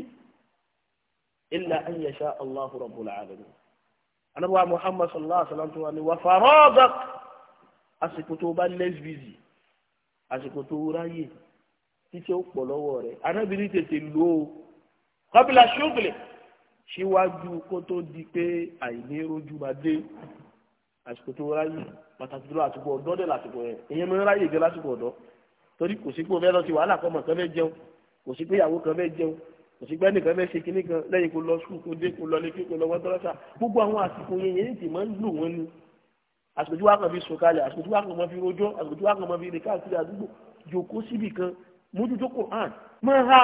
[SPEAKER 2] ilà an yasha Allahu rabbul alamin anábọ̀ Muhammad sallallahu alaihi wasallam tó wà ní wà faradak àsìkò tó bá lẹ́sbìzì àsìkò tó ráyè títí ó pọ̀ lọ́wọ́ rẹ̀ anábìrin tètè ló kábìlà ṣúgbìlẹ̀ síwájú kó tó di pé àìní rojú máa dé àsìkò tó ráyè pàtàkì jùlọ àsìkò ọ̀dọ́ dẹ̀ lásìkò yẹn èyàn máa ń ráyè gẹ lásìkò ọ̀dọ́ torí kò sí pé òun fẹ́ lọ sí wàhálà kọ́mọ kan fẹ́ jẹun kò sí pé ìyàwó kan fẹ́ jẹun kò sí pé ẹnìkan fẹ́ ṣe kinní kan lẹ́yìn kó lọ sùn kó dé kó lọ lé kó lọ wọ́n tọ́lọ́sà gbogbo àwọn àsìkò yẹn yẹn ti máa ń lò wọ́n ni àsìkò tí wàá kàn fi sùn kalẹ̀ àsìkò tí wàá kàn fi rojọ́ àsìkò tí wàá kàn fi rìn káàkiri àdúgbò jòkó síbì ha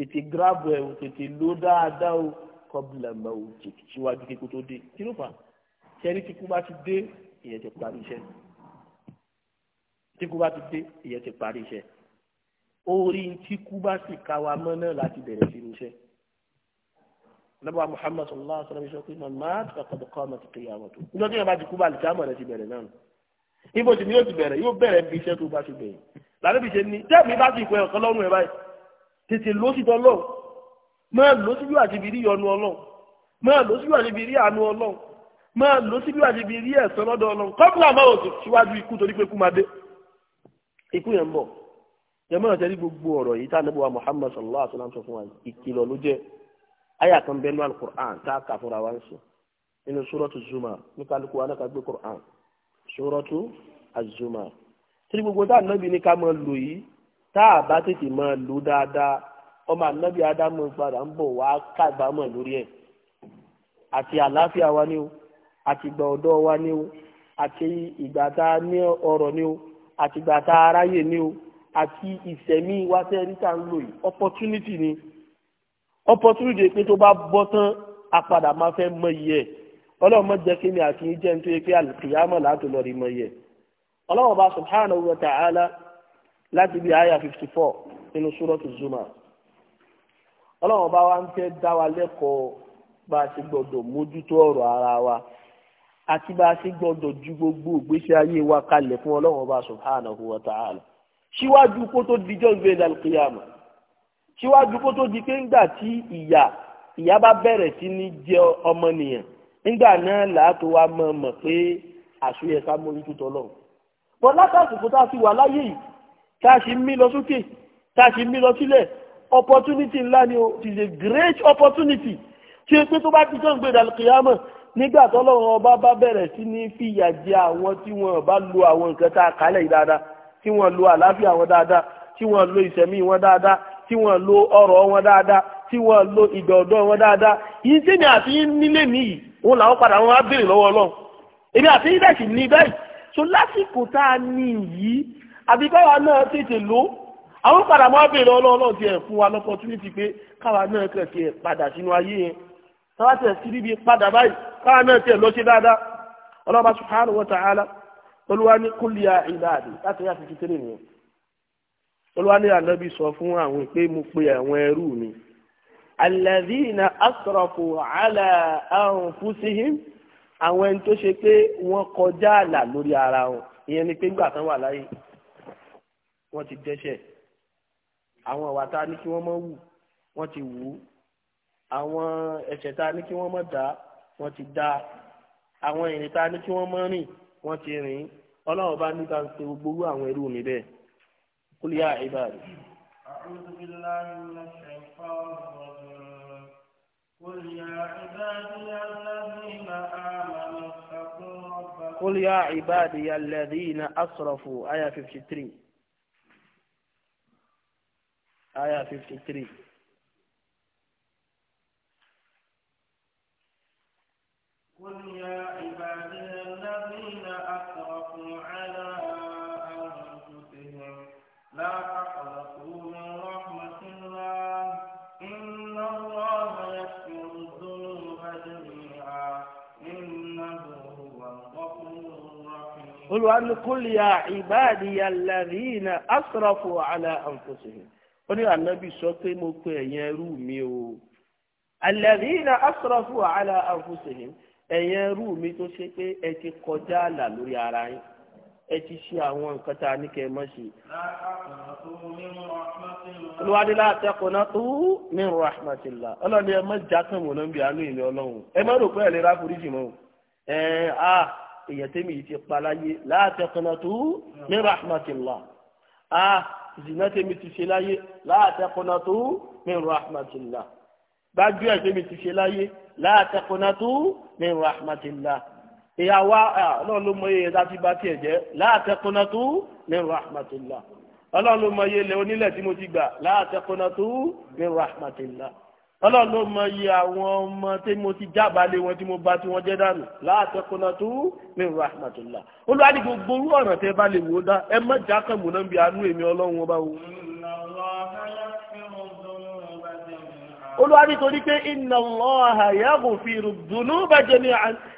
[SPEAKER 2] tètè gíráàbù ẹ̀ o tètè ló dáadáa o kọ́bùlà mọ́ o tètè síwájú kíkó tó dé kí ló fà á sẹ́ni tí kú bá ti dé ìyẹn ti parí iṣẹ́ tí kú bá ti dé ìyẹn ti parí iṣẹ́ orí tí kú bá sì ká wa mọ́ náà láti bẹ̀rẹ̀ sí iṣẹ́
[SPEAKER 1] lọ́bàá Muhammad sallallahu alaihi wa sallam pé màmá àtàkọ́dọ̀ kọ́ ọmọ ti pè yàwó tó nígbà tí yẹn bá ti kú bá lè jáàmọ̀
[SPEAKER 2] rẹ̀ ti bẹ̀rẹ̀ náà níbo sì ni yóò ti bẹ̀rẹ̀ yóò bẹ̀rẹ̀ bí iṣẹ́ tó bá ti bẹ̀rẹ̀ lànà bí iṣẹ́ ni tẹ́ẹ̀mí bá ti pẹ́ ọ̀kan lọ́rùn ẹ̀ báyìí tètè lóṣìṣẹ́ ọlọ́run máa lóṣìṣẹ́ àti ibi rí ọnu ọlọ́run máa lóṣìṣẹ́ àti ibi rí àánú ọlọ́run máa lóṣìṣẹ́ àti ibi rí ẹ̀san lọ́dọ̀ ọlọ́run kọ́pùlà máa wò síwájú ikú torí pé ikú máa dé ikú yẹn ń bọ̀ yẹn máa tẹ́lẹ̀ gbogbo ọ̀rọ̀ yìí táà níbo wa Muhammad sallallahu alaihi wa sallam sọ fún wa ìkìlọ̀ ló jẹ́ àyà kan bẹ́ẹ̀ ní alukur'an tá a kà fúnra wa ń sìn nínú suratu zuma ní kálukú wa náà ká gbé kur'an suratu azuma tí gbogbo táà nábì ní tá a bá tètè máa lò dáadáa ọmọ ànábì ádámù padà ń bọ̀ wá kábàámọ̀ lórí ẹ̀ àti àlàáfíà wa ni o àti ìgbà ọ̀dọ́ wa ni o àti ìgbà tá a ní ọrọ̀ ni o àti ìgbà tá a ráyè ni o àti ìsẹ̀mí wa tẹ́ ní tá ń lò yìí opportunity ni opportunity pé tó bá bọ́ tán a máa fẹ́ mọ iye ọlọ́run mọ jẹ́ kí ni àti jẹ́ nítorí pé àlùkìyàmọ̀ láti lọ rí mọ iye ẹ̀ ọlọ́run bá subhanahu wa ta'ala láti bí àyà 54, four nínú súrọ́tù zuma. ọlọ́run bá wa ń fẹ́ dá wa lẹ́kọ̀ọ́ bá a ṣe gbọ́dọ̀ mójútó ọ̀rọ̀ ara wa àti bá a ṣe gbọ́dọ̀ ju gbogbo ìgbésí ayé wa kalẹ̀ fún ọlọ́run ọba subhanahu wa ta'ala síwájú kó tó dijọ́ gbé lálùkìyàmù síwájú kó tó di pé ńgbà tí ìyà ìyà bá bẹ̀rẹ̀ sí ní jẹ ọmọnìyàn nígbà náà làátó wa mọ̀ mọ̀ pé àṣùyẹ ká mójútó tọ́lọ̀ bọ́n tá a sì mí lọ sókè tá a sì mí lọ sílẹ̀ opportunity ńlá ni o it is a great opportunity tí o pé tó bá ti tán gbé dàlùkìyàmọ̀ nígbà tọ́lọ́run ọba bá bẹ̀rẹ̀ sí ní fìyà jẹ àwọn tí wọ́n bá lo àwọn nǹkan tá a kálẹ̀ yìí dáadáa tí wọ́n lo àlàáfíà wọn dáadáa tí wọ́n lo ìṣẹ̀mí wọn dáadáa tí wọ́n lo ọrọ̀ wọn dáadáa tí wọ́n lo ìdọ̀dọ̀ wọn dáadáa yìí tèmi àti nílé mi yìí òun làwọn padà wọn á béèrè lọ́wọ́ ọlọ́run èmi àti yín sì ní bẹ́ẹ̀ so lásìkò tá a ní yìí àbí káwa náà tètè lò àwọn padà máa bèèrè ọlọ́ọ̀lọ́ ti ẹ̀ fún wa lọ́pọ̀túnìtì pé káwa náà kàn ti ẹ̀ padà sínú ayé yẹn káwa ti ẹ̀ sí níbi padà báyìí káwa náà ti ẹ̀ lọ ṣe dáadáa ọlọ́ba subhanahu wa ta'ala olúwa ní kúlì ya ìdáàdì láti yá fífi tẹ́lẹ̀ nìyẹn olúwa ní ànábì sọ fún àwọn pé mo pe àwọn ẹrú mi alladhina asrafu ala anfusihim àwọn ẹni tó ṣe pé wọ́n kọjá àlà lórí ara wọn ìyẹn ni pé ńgbà tán wà láyé wọ́n ti dẹ́ṣẹ̀ àwọn ìwà tá ní kí wọ́n má wù wọ́n ti wù ú àwọn ẹ̀ṣẹ̀ tá ní kí wọ́n má dá wọ́n ti dá àwọn ìrìn tá ní kí wọ́n má rìn wọ́n ti rìn ọlọ́run bá níta ń pe gbogbo àwọn ẹrú mi bẹ́ẹ̀ kúlí yá ìbàdí.
[SPEAKER 3] أعوذ قل يا عبادي الذين آمنوا اتقوا ربكم قل يا
[SPEAKER 2] عبادي الذين أسرفوا آية 53 آية 53
[SPEAKER 3] قل يا عبادي الذين أسرفوا على أنفسهم لا تقلقوا من رحمة الله إن الله يغفر الذنوب جميعا إنه هو الغفور
[SPEAKER 2] الرحيم قل يا عبادي الذين أسرفوا على أنفسهم ó ní ànábì sọ pé mo pe ẹ̀yin ẹrú mi o alladhina asrafu ala anfusihim ẹ̀yin ẹrú mi tó ṣe pé ẹ ti kọjá àlà lórí ara yín ẹ ti ṣe àwọn nǹkan tá a ní kẹ́ ẹ má ṣe. olùwádìí láti ẹkùn náà tó min rahmatillah ọlọ́ni ẹ má já kàn mọ́ náà bí àánú ìlú ọlọ́run ẹ má rò pé ẹ lè rá foríjì mọ́ ẹ á èèyàn tẹ́mi yìí ti pa láyé láti náà tó min rahmatillah zina tèmi ti ṣe láyé la taqnatu min rahmatillah gbájú ẹ̀ tèmi ti ṣe láyé la taqnatu min rahmatillah ìyàwó ọlọ́run ló mọ iye ẹ̀dá tí bá tiẹ̀ jẹ́ la taqnatu min rahmatillah ọlọ́run ló onílẹ̀ tí mo ti gbà la taqnatu min rahmatillah ọlọ́run ló mọ iye àwọn ọmọ tí mo ti jábàálé wọn tí mo bá tí wọ́n jẹ́ dànù láàtẹ́kùnà tó mi rà màtòlá olùwádìí gbogbo orú ọ̀ràn tẹ́ bá lè wò ó dá ẹ má já kàn múná bí anú èmi ọlọ́run ọba wo.
[SPEAKER 3] olùwádìí torí pé
[SPEAKER 2] iná lọ́ọ̀hà yàgò fi dùnú bàjẹ́ ní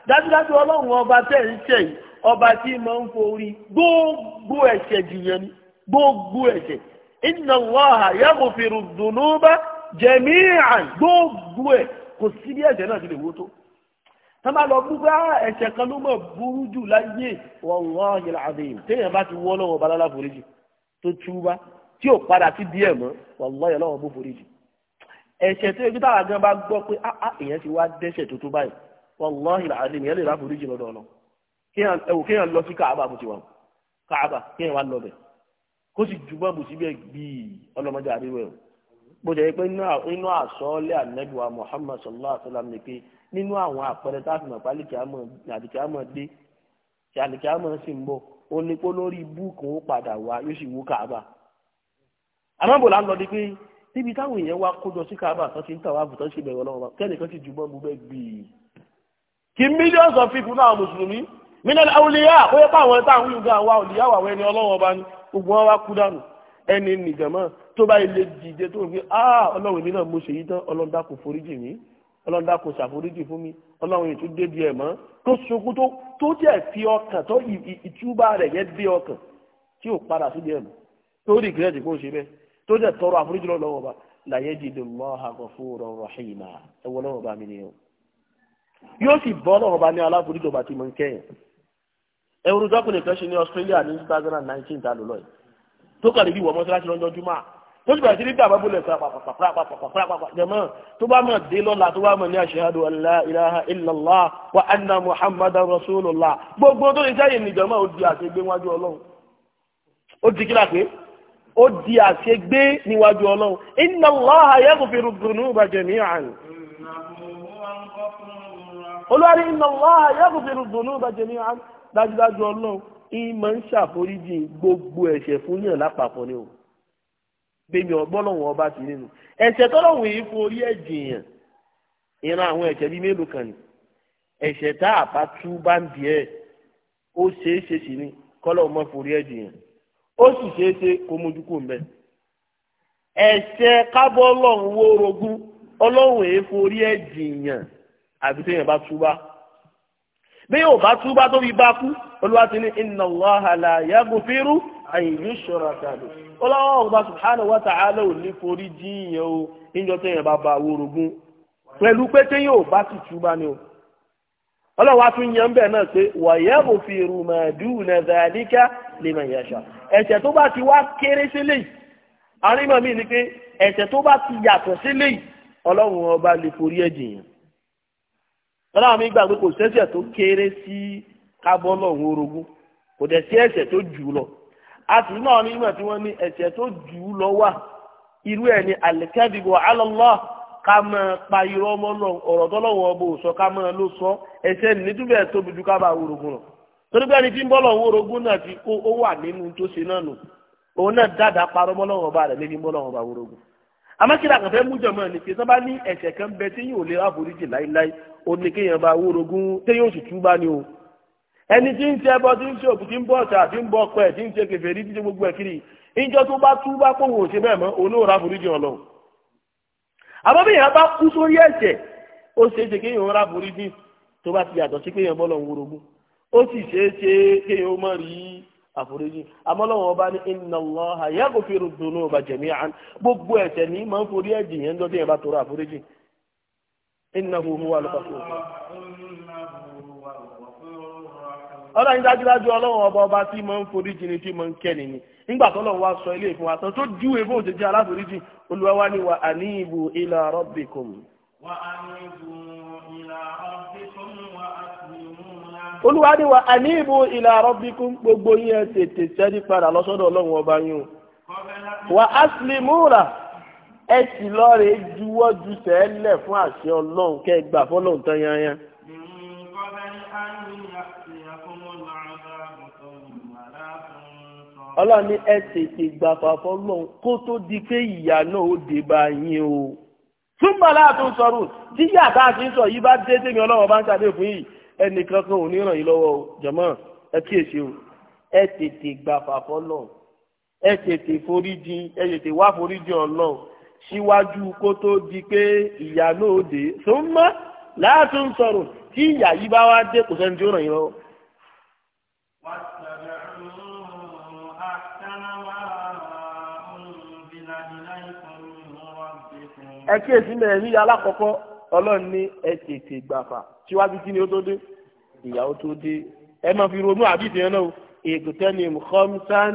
[SPEAKER 2] dájúdájú ọlọ́run ọba tẹ̀ ń ṣe yìí ọba tí mo ń forí gbogbo ẹ̀ṣẹ̀ jìyẹn gbogbo ẹ̀ṣẹ̀ iná lọ́ọ̀hà yàgò fi dùnú bàjẹ́ jẹ̀míàn gbogbo ẹ̀ kò sí bí ẹ̀jẹ̀ náà ti lè wó tó tán bá lọ gbúgbá ẹ̀ṣẹ̀ kan ló mọ̀ burú jù láyé wallahi alazim téèyàn bá ti wọ́ lọ́wọ́ balala foríjì tó túbá tí ò padà sí díẹ̀ mọ́ wallahi lọ́wọ́ bó foríjì ẹ̀ṣẹ̀ tó yẹ kí táwa gan bá gbọ́ pé áá ah, èèyàn ah, ti wá dẹ́ṣẹ̀ tó tó báyìí wallahi alazim èèyàn lè rá foríjì lọ́dọ̀ ọ̀nà kéèyàn lọ sí káàbà bó ti wà káàbà kéèyàn wá lọ bẹ̀ kó sì jùmọ̀ bùsí bẹ́ẹ̀ gbìí ọlọ́mọdé àríwẹ̀ o bó jẹ́ pé nínú Muhammad sallallahu alayhi wa sallam nínú àwọn àpẹẹrẹ tá a fi mọ̀ pé àlìkíámọ̀ dé tí àlìkíámọ̀ sì ń bọ̀ ó ní kó lórí búùkù ó padà wá yóò sì wú káàbà àmọ́ bò láńlọ́ di pé níbi táwọn èèyàn wá kójọ sí káàbà tó ti ń tàwa àbùtọ́ sí ọlọ́run kẹ́nìkan ti jùmọ́ bẹ́ẹ̀ gbìyì kí millions of people náà mùsùlùmí ó yẹ tó bá ilé dìde tó ń gbé ah ọlọ́run èmi náà mo ṣèyí tán ọlọ́run dákun foríjì mi ọlọ́run dákun ṣàforíjì fún mi ọlọ́run yìí tún débi ẹ̀ mọ́ tó sunkún tó tó jẹ́ fi ọkàn tó ìtúbà rẹ̀ yẹn dé ọkàn tí ò padà sí ẹ̀ mọ́ tó rí gírẹ́ẹ̀dì kó ṣe bẹ́ẹ̀ tó jẹ́ tọrọ àforíjì lọ́wọ́ ọba làyé dìde lọ́ha gọ̀fúrọ̀ rọ̀hìnà ẹ wọ lọ́wọ́ ọba mi ni o yóò sì bọ́ lọ́wọ́ ọba ní aláforíjì ọba tí mo ń kẹ́yìn ẹ wọ́n rúdọ́kùnrin kan ṣe ní Australia ní two thousand and nineteen tá a lò lọ́yìn tó kàdé bí wọ́n mọ́ṣáláṣí lọ́jọ́ jùmọ̀ tó ti bẹ̀rẹ̀ sí ní dàbá bólẹ̀ pàpàpàpàpàpàpàpàpà jẹ̀mọ́ tó bá mọ̀ dé lọ́la tó bá mọ̀ ní ashhadu an la ilaha illallah wa anna muhammadan rasulullah gbogbo tó ti sẹ́yìn nìjọ́mọ́ ó di àṣegbé níwájú ọlọ́run ó di kí lápé ó di àṣegbé níwájú ọlọ́run inna allaha yaghfiru dhunuba jami'an. olùwárí inna allaha yaghfiru dhunuba jami'an dájúdájú ọlọ́run ìmọ̀ ń ṣàforíjì gbogbo ẹ̀ṣẹ̀ fún yàn lápapọ̀ ni o gbẹmí ọgbọ́lọ́wọ́ ọba ti nínú ẹ̀ṣẹ̀ tọ́lọ́wọ́ yìí forí ẹ̀jìn yẹn ìran àwọn ẹ̀ṣẹ̀ bíi mélòó kan ni ẹ̀ṣẹ̀ tá a bá tú bá ń bí ó ṣeé ṣe sí ni kọ́lọ́wọ́ mọ́ forí ẹ̀jìn yẹn ó sì ṣeé ṣe kó mójú kó ń bẹ ẹ̀ṣẹ̀ kábọ́ ọlọ́run wó rogún ọlọ́run èé forí ẹ̀jìn yẹn àbí tó yẹn bá túbá bí yóò bá túbá tó fi bá kú olúwa ti ní inna Allaha la yaghfiru àìyíṣọ́ràkà lò ó láwọn wa ta'ala ò ní forí jíìyàn o níjọ téèyàn bá ba àwòrògùn pẹ̀lú pé téèyàn ò ni o ọlọ́wọ́ tún yan bẹ́ẹ̀ náà pé wàyẹ́ bò fi rùmọ̀dù nàzàlíkà lè mọ̀ yẹ̀ṣà ẹ̀ṣẹ̀ tó bá ti wá kéré sílẹ̀ yìí arímọ̀ mi ni pé ẹ̀ṣẹ̀ tó bá ti yàtọ̀ sílẹ̀ yìí ọlọ́run ọba lè forí ẹ̀jìn ọlọ́run mi gbà kò àti náà ni ìmọ̀ tí wọ́n ní ẹ̀ṣẹ̀ tó jù ú lọ wà irú ẹ̀ ní alẹ́kẹ́dìbò alọ́lọ́ ká máa pa irọ́ ọmọ náà ọ̀rọ̀ tọ́lọ́wọ́ ọbọ̀ òsọ ká máa ló sọ ẹ̀ṣẹ̀ nídúbẹ̀ tóbi ju ká bá worogun rọ̀ torí pé ẹni tí ń bọ́ lọ́wọ́ worogun náà ti kó ó wà nínú tó ṣe náà nù òun náà dáadáa parọ́ mọ́ lọ́wọ́ ọba rẹ̀ lé ní bọ́ lọ́wọ́ ọba worogun àmọ́ kí làkàn fẹ́ mú jọmọ́ ni pé sábà ní ẹ̀ṣẹ̀ kan bẹ tí yóò lè wá láíláí ó ní kéèyàn bá worogun téèyàn ò sì túbá ni o ẹni tí ń ṣe ẹbọ tí ń ṣe òkú tí ń bọ ọ̀sà tí ń bọ ọpẹ tí ń ṣe kẹfẹ rí tí ń ṣe gbogbo ẹ kiri ìjọ tó bá tú bá kó wò ṣe bẹ́ẹ̀ mọ́ olóòrà foríjì ọlọ́run àmọ́ bí èèyàn bá kú sórí ẹ̀ṣẹ̀ ó ṣeé ṣe kéèyàn rà tó bá ti yàtọ̀ sí kéèyàn bọ́ ó sì ṣe kéèyàn rí ọba ní gbogbo ọlọ́run dájúdájú ọlọ́run ọba ọba tí mo ń foríjì ni tí mo ń kẹ́ni ni nígbà tó lọ́wọ́ wa sọ ilé ìfún wa tán tó júwe bó ṣe aláforíjì olúwa wa ni wa àníìbù ilà rabbikum.
[SPEAKER 3] wa àníìbù ilà rabbikum wa àtìmú olúwa ni wa àníìbù
[SPEAKER 2] ilà rabbikum gbogbo yẹn tètè sẹ́ni padà lọ́sọ́dọ̀ ọlọ́run ọba yín o wa aslimura ẹ sì lọ́ọ̀rẹ́ juwọ́ ju sẹ́lẹ̀ fún àṣẹ ọlọ́run kẹ́ ọlọ́run ní ẹ tètè gbà fàfọ́ lọ́hùn kó tó di pé ìyá náà ó dé bá yín o. túmọ̀ láàtún sọ̀rọ̀ tí yàtá àti sọ yìí bá dé tèmi ọlọ́run bá ń ṣàdé fún yìí ẹnìkan kan ò ní ràn yín lọ́wọ́ o jọ̀mọ́ ẹ kíyèsí o ẹ tètè gbà fàfọ́ lọ́hùn ẹ tètè foríjì ẹ tètè wá foríjì ọlọ́run síwájú kó tó di pé ìyá náà ó dé túmọ̀ láàtún sọ̀rọ̀ tí ìyá yìí bá wá dé kò sẹ́ni tí ó ràn yín lọ́wọ́.
[SPEAKER 3] wá ẹ kíyèsí
[SPEAKER 2] mẹ́rin níyà alákọ̀ọ́kọ́ ọlọ́run ní ẹ tètè gbàfà síwájú kí ni ó tó dé ìyàwó tó dé ẹ máa fi ronú àdìsí yẹn náà ègùtẹ́ni khamsan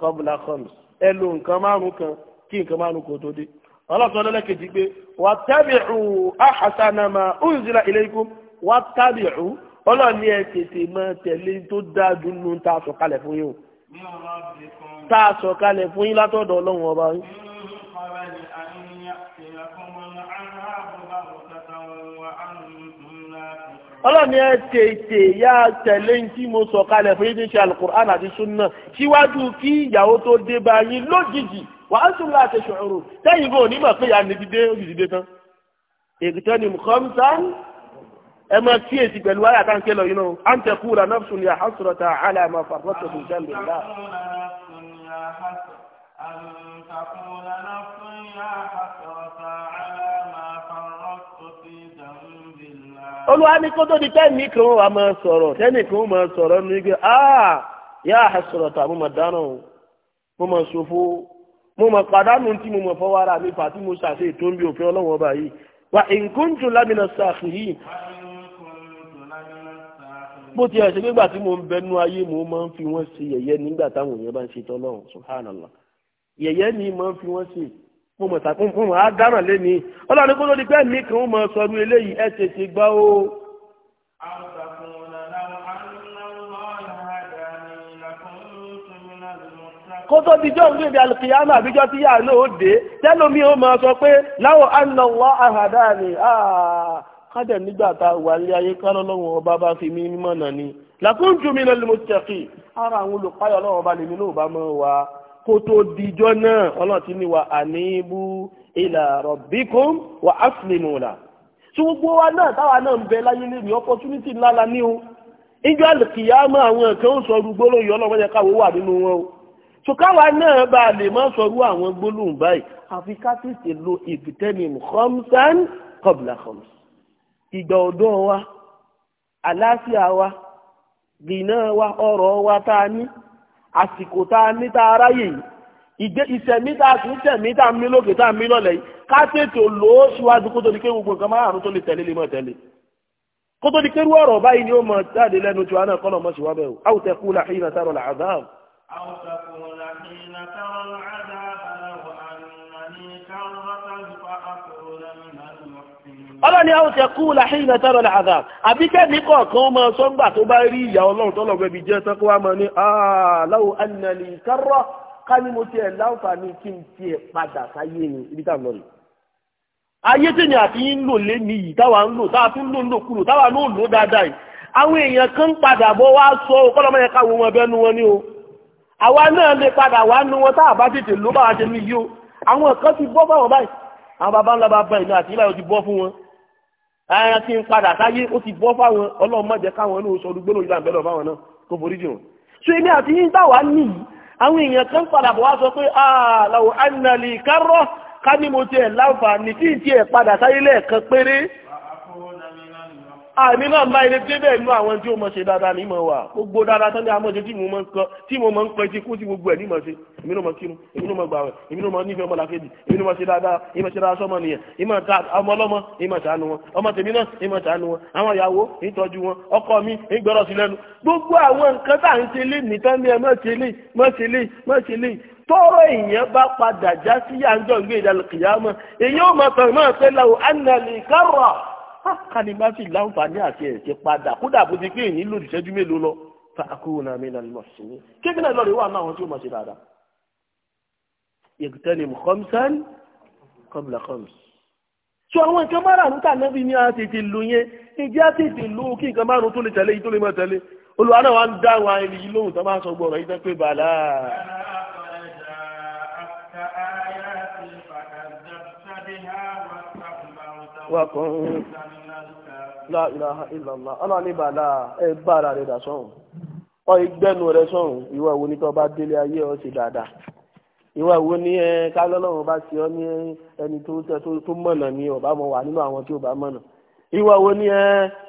[SPEAKER 2] qabla khams ẹ lo nǹkan márùn kan kí nǹkan márùn kò tó dé ọlọ́sọ lẹ́lẹ́kejì pé wattabi'u ahsana ma unzila ilaykum wattabi'u ọlọ́ọ̀ni ẹ tètè máa tẹ̀lé tó dáadu nù tá sọ̀kalẹ̀ fún yín o
[SPEAKER 3] tá sọ̀kalẹ̀ fún yín látọ̀dọ̀ ọlọ́run ọba yín.
[SPEAKER 2] ọlọ́ni ẹ tètè ya tẹ̀lé tí mo sọ kalẹ̀ fún yín ní ṣe alukur'an àti sunna síwájú kí ìyàwó tó dé bá yín lójijì wà á sùn láti ṣòro tẹ́yìn bò ní màpé ya ní dídé òjijì dé tán èkìtẹ́ ni khamsan ẹ máa kíyèsí pẹ̀lú ayé àtàǹkè lọ yìí náà à ń tẹ̀kú ra nafsun ya hasrata ala ma farrata bi janbillah.
[SPEAKER 3] أن تقول نفسي يا حسرة
[SPEAKER 2] olúwa ni kó tó di tẹ́ẹ̀mì kan wà máa sọ̀rọ̀ tẹ́ẹ̀mì kan máa sọ̀rọ̀ ní gbé ah yá àṣọ̀rọ̀ tà mo mà dáná o mo mà ṣòfò mo mà pàdánù tí mo mà fọwọ́ ara mi fà tí mo ṣàṣe ètò ń bí òfin ọlọ́wọ́n ọba yìí wà nǹkan lámìnà sàkì yìí
[SPEAKER 3] bó ti ẹ̀ṣẹ̀ nígbà
[SPEAKER 2] tí mo ń bẹnu ayé mo máa ń fi wọ́n ṣe yẹ̀yẹ́ nígbà táwọn èèyàn bá ń ṣe tọ́lọ́run subhanallah yẹ̀yẹ́ ni máa ń fi wọ́n ṣe wọ́n mọ̀ sàkún fún wọn á kó ló di pé mi kan ó mọ sọrú eléyìí ẹ tètè gbá o.
[SPEAKER 3] kó tó di jọ́ àbíjọ́
[SPEAKER 2] tí yà náà sọ pé láwọn ànàwọ́ àhàdá ni ah, kádẹ̀ nígbà tá a wà lé ayé ara àwọn lọ́wọ́ ọba lèmi náà kó tó dijọ́ náà ọlọ́run ti ní wa àníbù ilà rabbikum wa aslimu la tí gbogbo wa náà táwa náà ń bẹ láyé lè ní opportunity ńlá la ní o ìjọ àlùkìyàmọ́ àwọn nǹkan ń sọ gbólóhùn yìí ọlọ́run jẹ́ káwọ́ wà nínú wọn o sùkáwà náà bá a lè máa sọ̀rọ̀ àwọn gbólóhùn báyìí àfi ká tètè lo ìbítẹ́nìm khamsan qabla khams. ìgbà ọ̀dọ́ wa àlàáfíà wa gbìnà wa ọ̀rọ̀ wa tá a ní àsìkò tá a ní tá a ráyè yìí ìgbé ìsẹ̀mí tá a sì tẹ̀mí tá a mí lókè tá a mí lọ́lẹ̀ yìí ká tètò lò ó síwájú kó tó di pé gbogbo nǹkan márùn tó lè tẹ̀lé lè mọ̀ tẹ̀lé kó tó di pé irú ọ̀rọ̀ báyìí ni ó mọ̀ jáde lẹ́nu tiwa náà kọ́ lọ́mọ́ síwájú bẹ́ẹ̀ o àwùjọ kú làhínà tààrọ̀ làhánà.
[SPEAKER 3] àwùjọ kú làhínà tààrọ̀ làhánà.
[SPEAKER 2] ọlọ́ni àwọn tẹ kú làhìn ẹ̀tọ́rọ̀ làdà àbíkẹ́ ní kọ̀ọ̀kan ó sọ́ngbà tó bá rí ìyá ọlọ́run tọ́lọ̀ bẹ̀bí jẹ́ tán ma wá ní aláwo anàlì kárọ̀ ká ní mo láǹfààní kí n tiẹ̀ padà sáyé àti ń lò lé táwa ń lò táwa tún lò ń o àwa náà lè padà wá nu wọn bá tètè o àwọn kan ti báyìí àwọn baba ńlá bá bá ìlú àti ẹran tí ń padà sáyé ó ti bọ́ fáwọn ọlọ́run má jẹ́ káwọn ẹnu sọ dúgbò lóyún àbẹ́lọ fáwọn náà kó forí jù wọn. ṣé èmi àti yín gbà wá nìyí àwọn èèyàn kan padà bọ̀ wá sọ pé àlàó ànàlì kárọ̀ ká ní mo tiẹ̀ láǹfààní tí ì tiẹ̀ padà sáyé lẹ́ẹ̀kan péré àmì náà bá ilé débẹ̀ inú àwọn tí ó mọ̀ ṣe dáadáa ní ìmọ̀ wa gbogbo dáadáa tán ní amọ̀ṣe tí mo mọ̀ ń pẹ́ tí kú sí gbogbo ẹ̀ ní ìmọ̀ ṣe èmi ló mọ̀ kírun èmi ló mọ̀ gbàwẹ̀ èmi ló mọ̀ nífẹ̀ẹ́ ọmọ làkejì èmi ló mọ̀ ṣe dáadáa ìmọ̀ ṣe dáadáa sọ́mọ nìyẹn ìmọ̀ ta ọmọ ọlọ́mọ ìmọ̀ ṣàánú wọn ọmọ tèmi náà ìmọ̀ ṣàánú wọn àwọn ìyàwó ìtọ́jú wọn ọkọ mi ìgbọ́rọ̀ sí lẹ́nu gbogbo àwọn nǹkan tá à ń ṣe lé nìkan ní ẹ mọ̀ ṣe lé mọ̀ ṣe lé mọ̀ ṣe lé tọrọ èèyàn bá padà já sí yàǹjọ́ ìgbé ìdàlùkìyàmọ̀ èèyàn ò mọ̀ tàn mọ́ ọ̀sẹ̀ làwọn kani má sì láǹfààní àti ẹ̀jẹ̀ padà kódà bó ti pé èyí lòdì sẹ́jú mélòó lọ fàákùnà mìíràn ni wọ́n sì ní kékeré lọ́rọ̀ wà náà wọn tí ó mọ̀ sí dáadáa. ìgbìtẹ́ni khamsan qabla khams. sọ àwọn nǹkan márùn-ún tá ànábì ní a tètè lò yẹn ìjẹ́ a tètè lò kí nǹkan márùn-ún tó lè tẹ̀lé yìí tó lè má tẹ̀lé olùwà náà wà ń dá àwọn
[SPEAKER 3] wàkùn
[SPEAKER 2] la ilaha illallah ọlọ́run ní bàlá ẹ bára rẹ̀ dà sọ́hùn ọ ìgbẹ́nu rẹ̀ sọ́hùn ìwà wo ni tó bá délé ayé ọ ṣe dáadáa ìwà wo ni ẹ kálọ́lọ́run bá ṣe ọ ní ẹni tó tẹ tó mọ̀nà ni ọba mọ̀ wà nínú àwọn tí ó bá mọ̀nà ìwà wo ni ẹ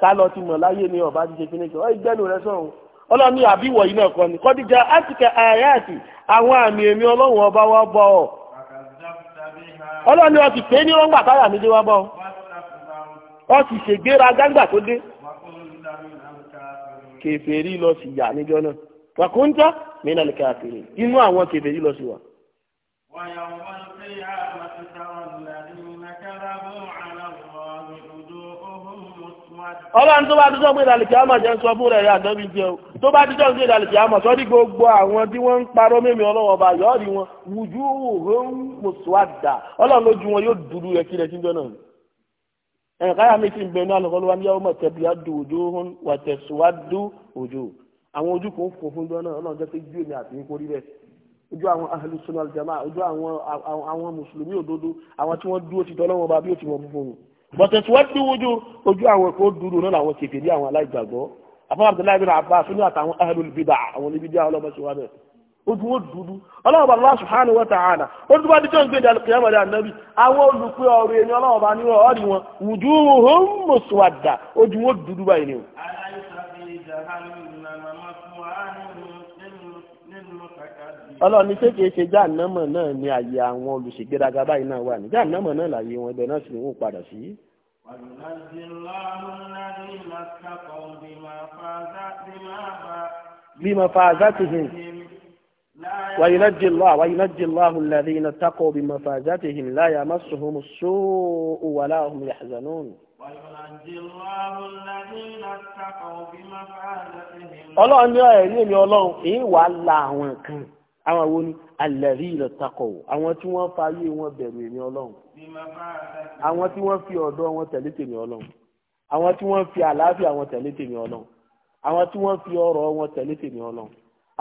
[SPEAKER 2] kálọ́ ti mọ̀ láyé ni ọba ti ṣe kíní kí ọ ìgbẹ́nu rẹ̀ sọ́hùn ọlọ́run ní àbíwọ̀ yìí náà kọ́ ni kọ́díjà àtìkẹ́ àyàtì àwọn àmì èmi ọlọ́run ọba wa bọ̀ ó ti ṣègbéra gágbà tó dé kèfèrí lọ sí yà níjọ́ náà wàkúńtà mìíràn kèfèrí inú àwọn kèfèrí lọ sí wa. ọlọ́run tó bá dídọ́ pé ìdàlìkì àmọ̀ jẹ́ ń sọ fún rẹ̀ yà dọ́bí jẹ́ o tó bá dídọ́ pé ìdàlìkì àmọ̀ sọ́dí gbogbo àwọn tí wọ́n ń parọ́ mímí ọlọ́wọ́ bá yọ̀ọ́ rí wọn wùjú òhún mùsùlùmí ọlọ́run lójú wọn yóò dúró ẹkí rẹ̀ síjọ́ náà ẹ̀káyà mi ti ń bẹnu alùpùpù wa ní yàwó mọ̀tẹ́bí adó òjò hún wàtẹ̀síwádó òjò àwọn ojú kan fò fún jọ náà ọlọ́run jẹ́ pé ju èmi àti yín kórìí rẹ̀ ojú àwọn ahlùsùn aljama ojú àwọn àwọn mùsùlùmí òdodo àwọn tí wọ́n dúró ti tọ́ lọ́wọ́ bá bí ó ti mọ̀ fún fún un bọ̀tẹ̀síwádó òjò ojú àwọn kò dúró náà làwọn kèfèrí àwọn aláìgbàgbọ́ àfọwọ́ abdullahi bin abbas ojú wọn dúdú ọlọ́ọ̀bà Allah subhanahu wa ta'ala ó tún bá díjọ́ ń gbèdà alìkìyàmọ̀ rẹ̀ ànábì àwọn olùpé ọ̀rọ̀ ènìyàn ọlọ́ọ̀bà ní ọ̀rí wọn wujuhum muswadda ojú wọn dúdú báyìí ni o. ọlọ́ọ̀ni ṣé kìí ṣe jáànámọ̀ náà ni àyè àwọn olùṣègbéraga báyìí náà wà ní jáànámọ̀ náà làyè wọn ibẹ̀ náà sì ń padà sí.
[SPEAKER 3] وينزل الله الذين اتقوا
[SPEAKER 2] بما
[SPEAKER 1] فازتهم وينجي الله وينجي الله الذين اتقوا بمفازتهم لا يمسهم السوء ولا هم يحزنون
[SPEAKER 3] ọlọ́run
[SPEAKER 2] ní ẹ̀rí èmi ọlọ́run èyí wà á la àwọn kan àwọn àwọn ni alẹ́rí ilẹ̀ àwọn tí wọ́n fayé wọn bẹ̀rù èmi ọlọ́run àwọn tí wọ́n fi ọ̀dọ́ wọn tẹ̀lé tèmi ọlọ́run àwọn tí wọ́n fi àlàáfíà wọn tẹ̀lé tèmi ọlọ́run àwọn tí wọ́n fi ọrọ̀ wọn tẹ̀lé tèmi ọlọ́run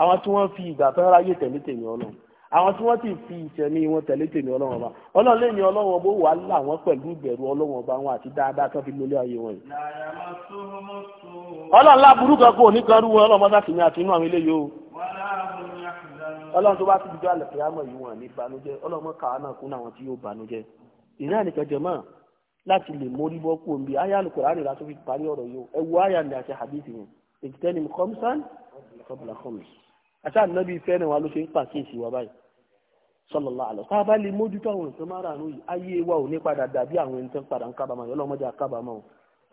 [SPEAKER 2] àwọn tí wọ́n fi ìgbà tán ráyè tẹ̀lé tèmi ọlọ́run àwọn tí wọ́n ti fi ìṣẹ̀mí wọn tẹ̀lé tèmi ọlọ́run ọba ọlọ́run lè ní ọlọ́run ọba ó wà là pẹ̀lú ìbẹ̀rù ọlọ́run ọba wọn àti dáadáa tó fi lólé ayé wọn
[SPEAKER 3] ọlọ́run láburú kan kò ní kan
[SPEAKER 2] rú ọlọ́run mọ́tà kìíní àti inú àwọn eléyìí o. ọlọ́run tó bá ti dijọ́ àlẹ́ fìyàmọ̀ yìí wọn ní banújẹ́ ọlọ́run kàá náà kún àwọn tí yóò banújẹ́ ìrìn àníkànjẹ́ mọ́ láti lè mórí bọ́ kú o ẹ wo àti ànábì fẹ́ràn wa ló ṣe ń pàkíyèsí wa báyìí sallallahu alaihi tá a bá lè
[SPEAKER 1] mójútó àwọn nǹkan márààrún yìí ayé wa ò ní padà dàbí àwọn ẹni tó ń padà ń kábàámọ̀ yọ lọ́mọdé àkábàámọ̀ o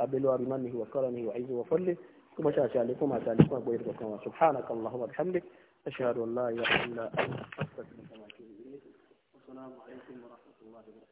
[SPEAKER 1] abẹ́lẹ́ wa bímá nìyí wa kọ́ra nìyí wa àìsí wa fọ́lé kó àlékún máa àlékún àgbọ̀ ìrìn kankan wa subhanaka allahumma wa bihamdik ashhadu an la ilaha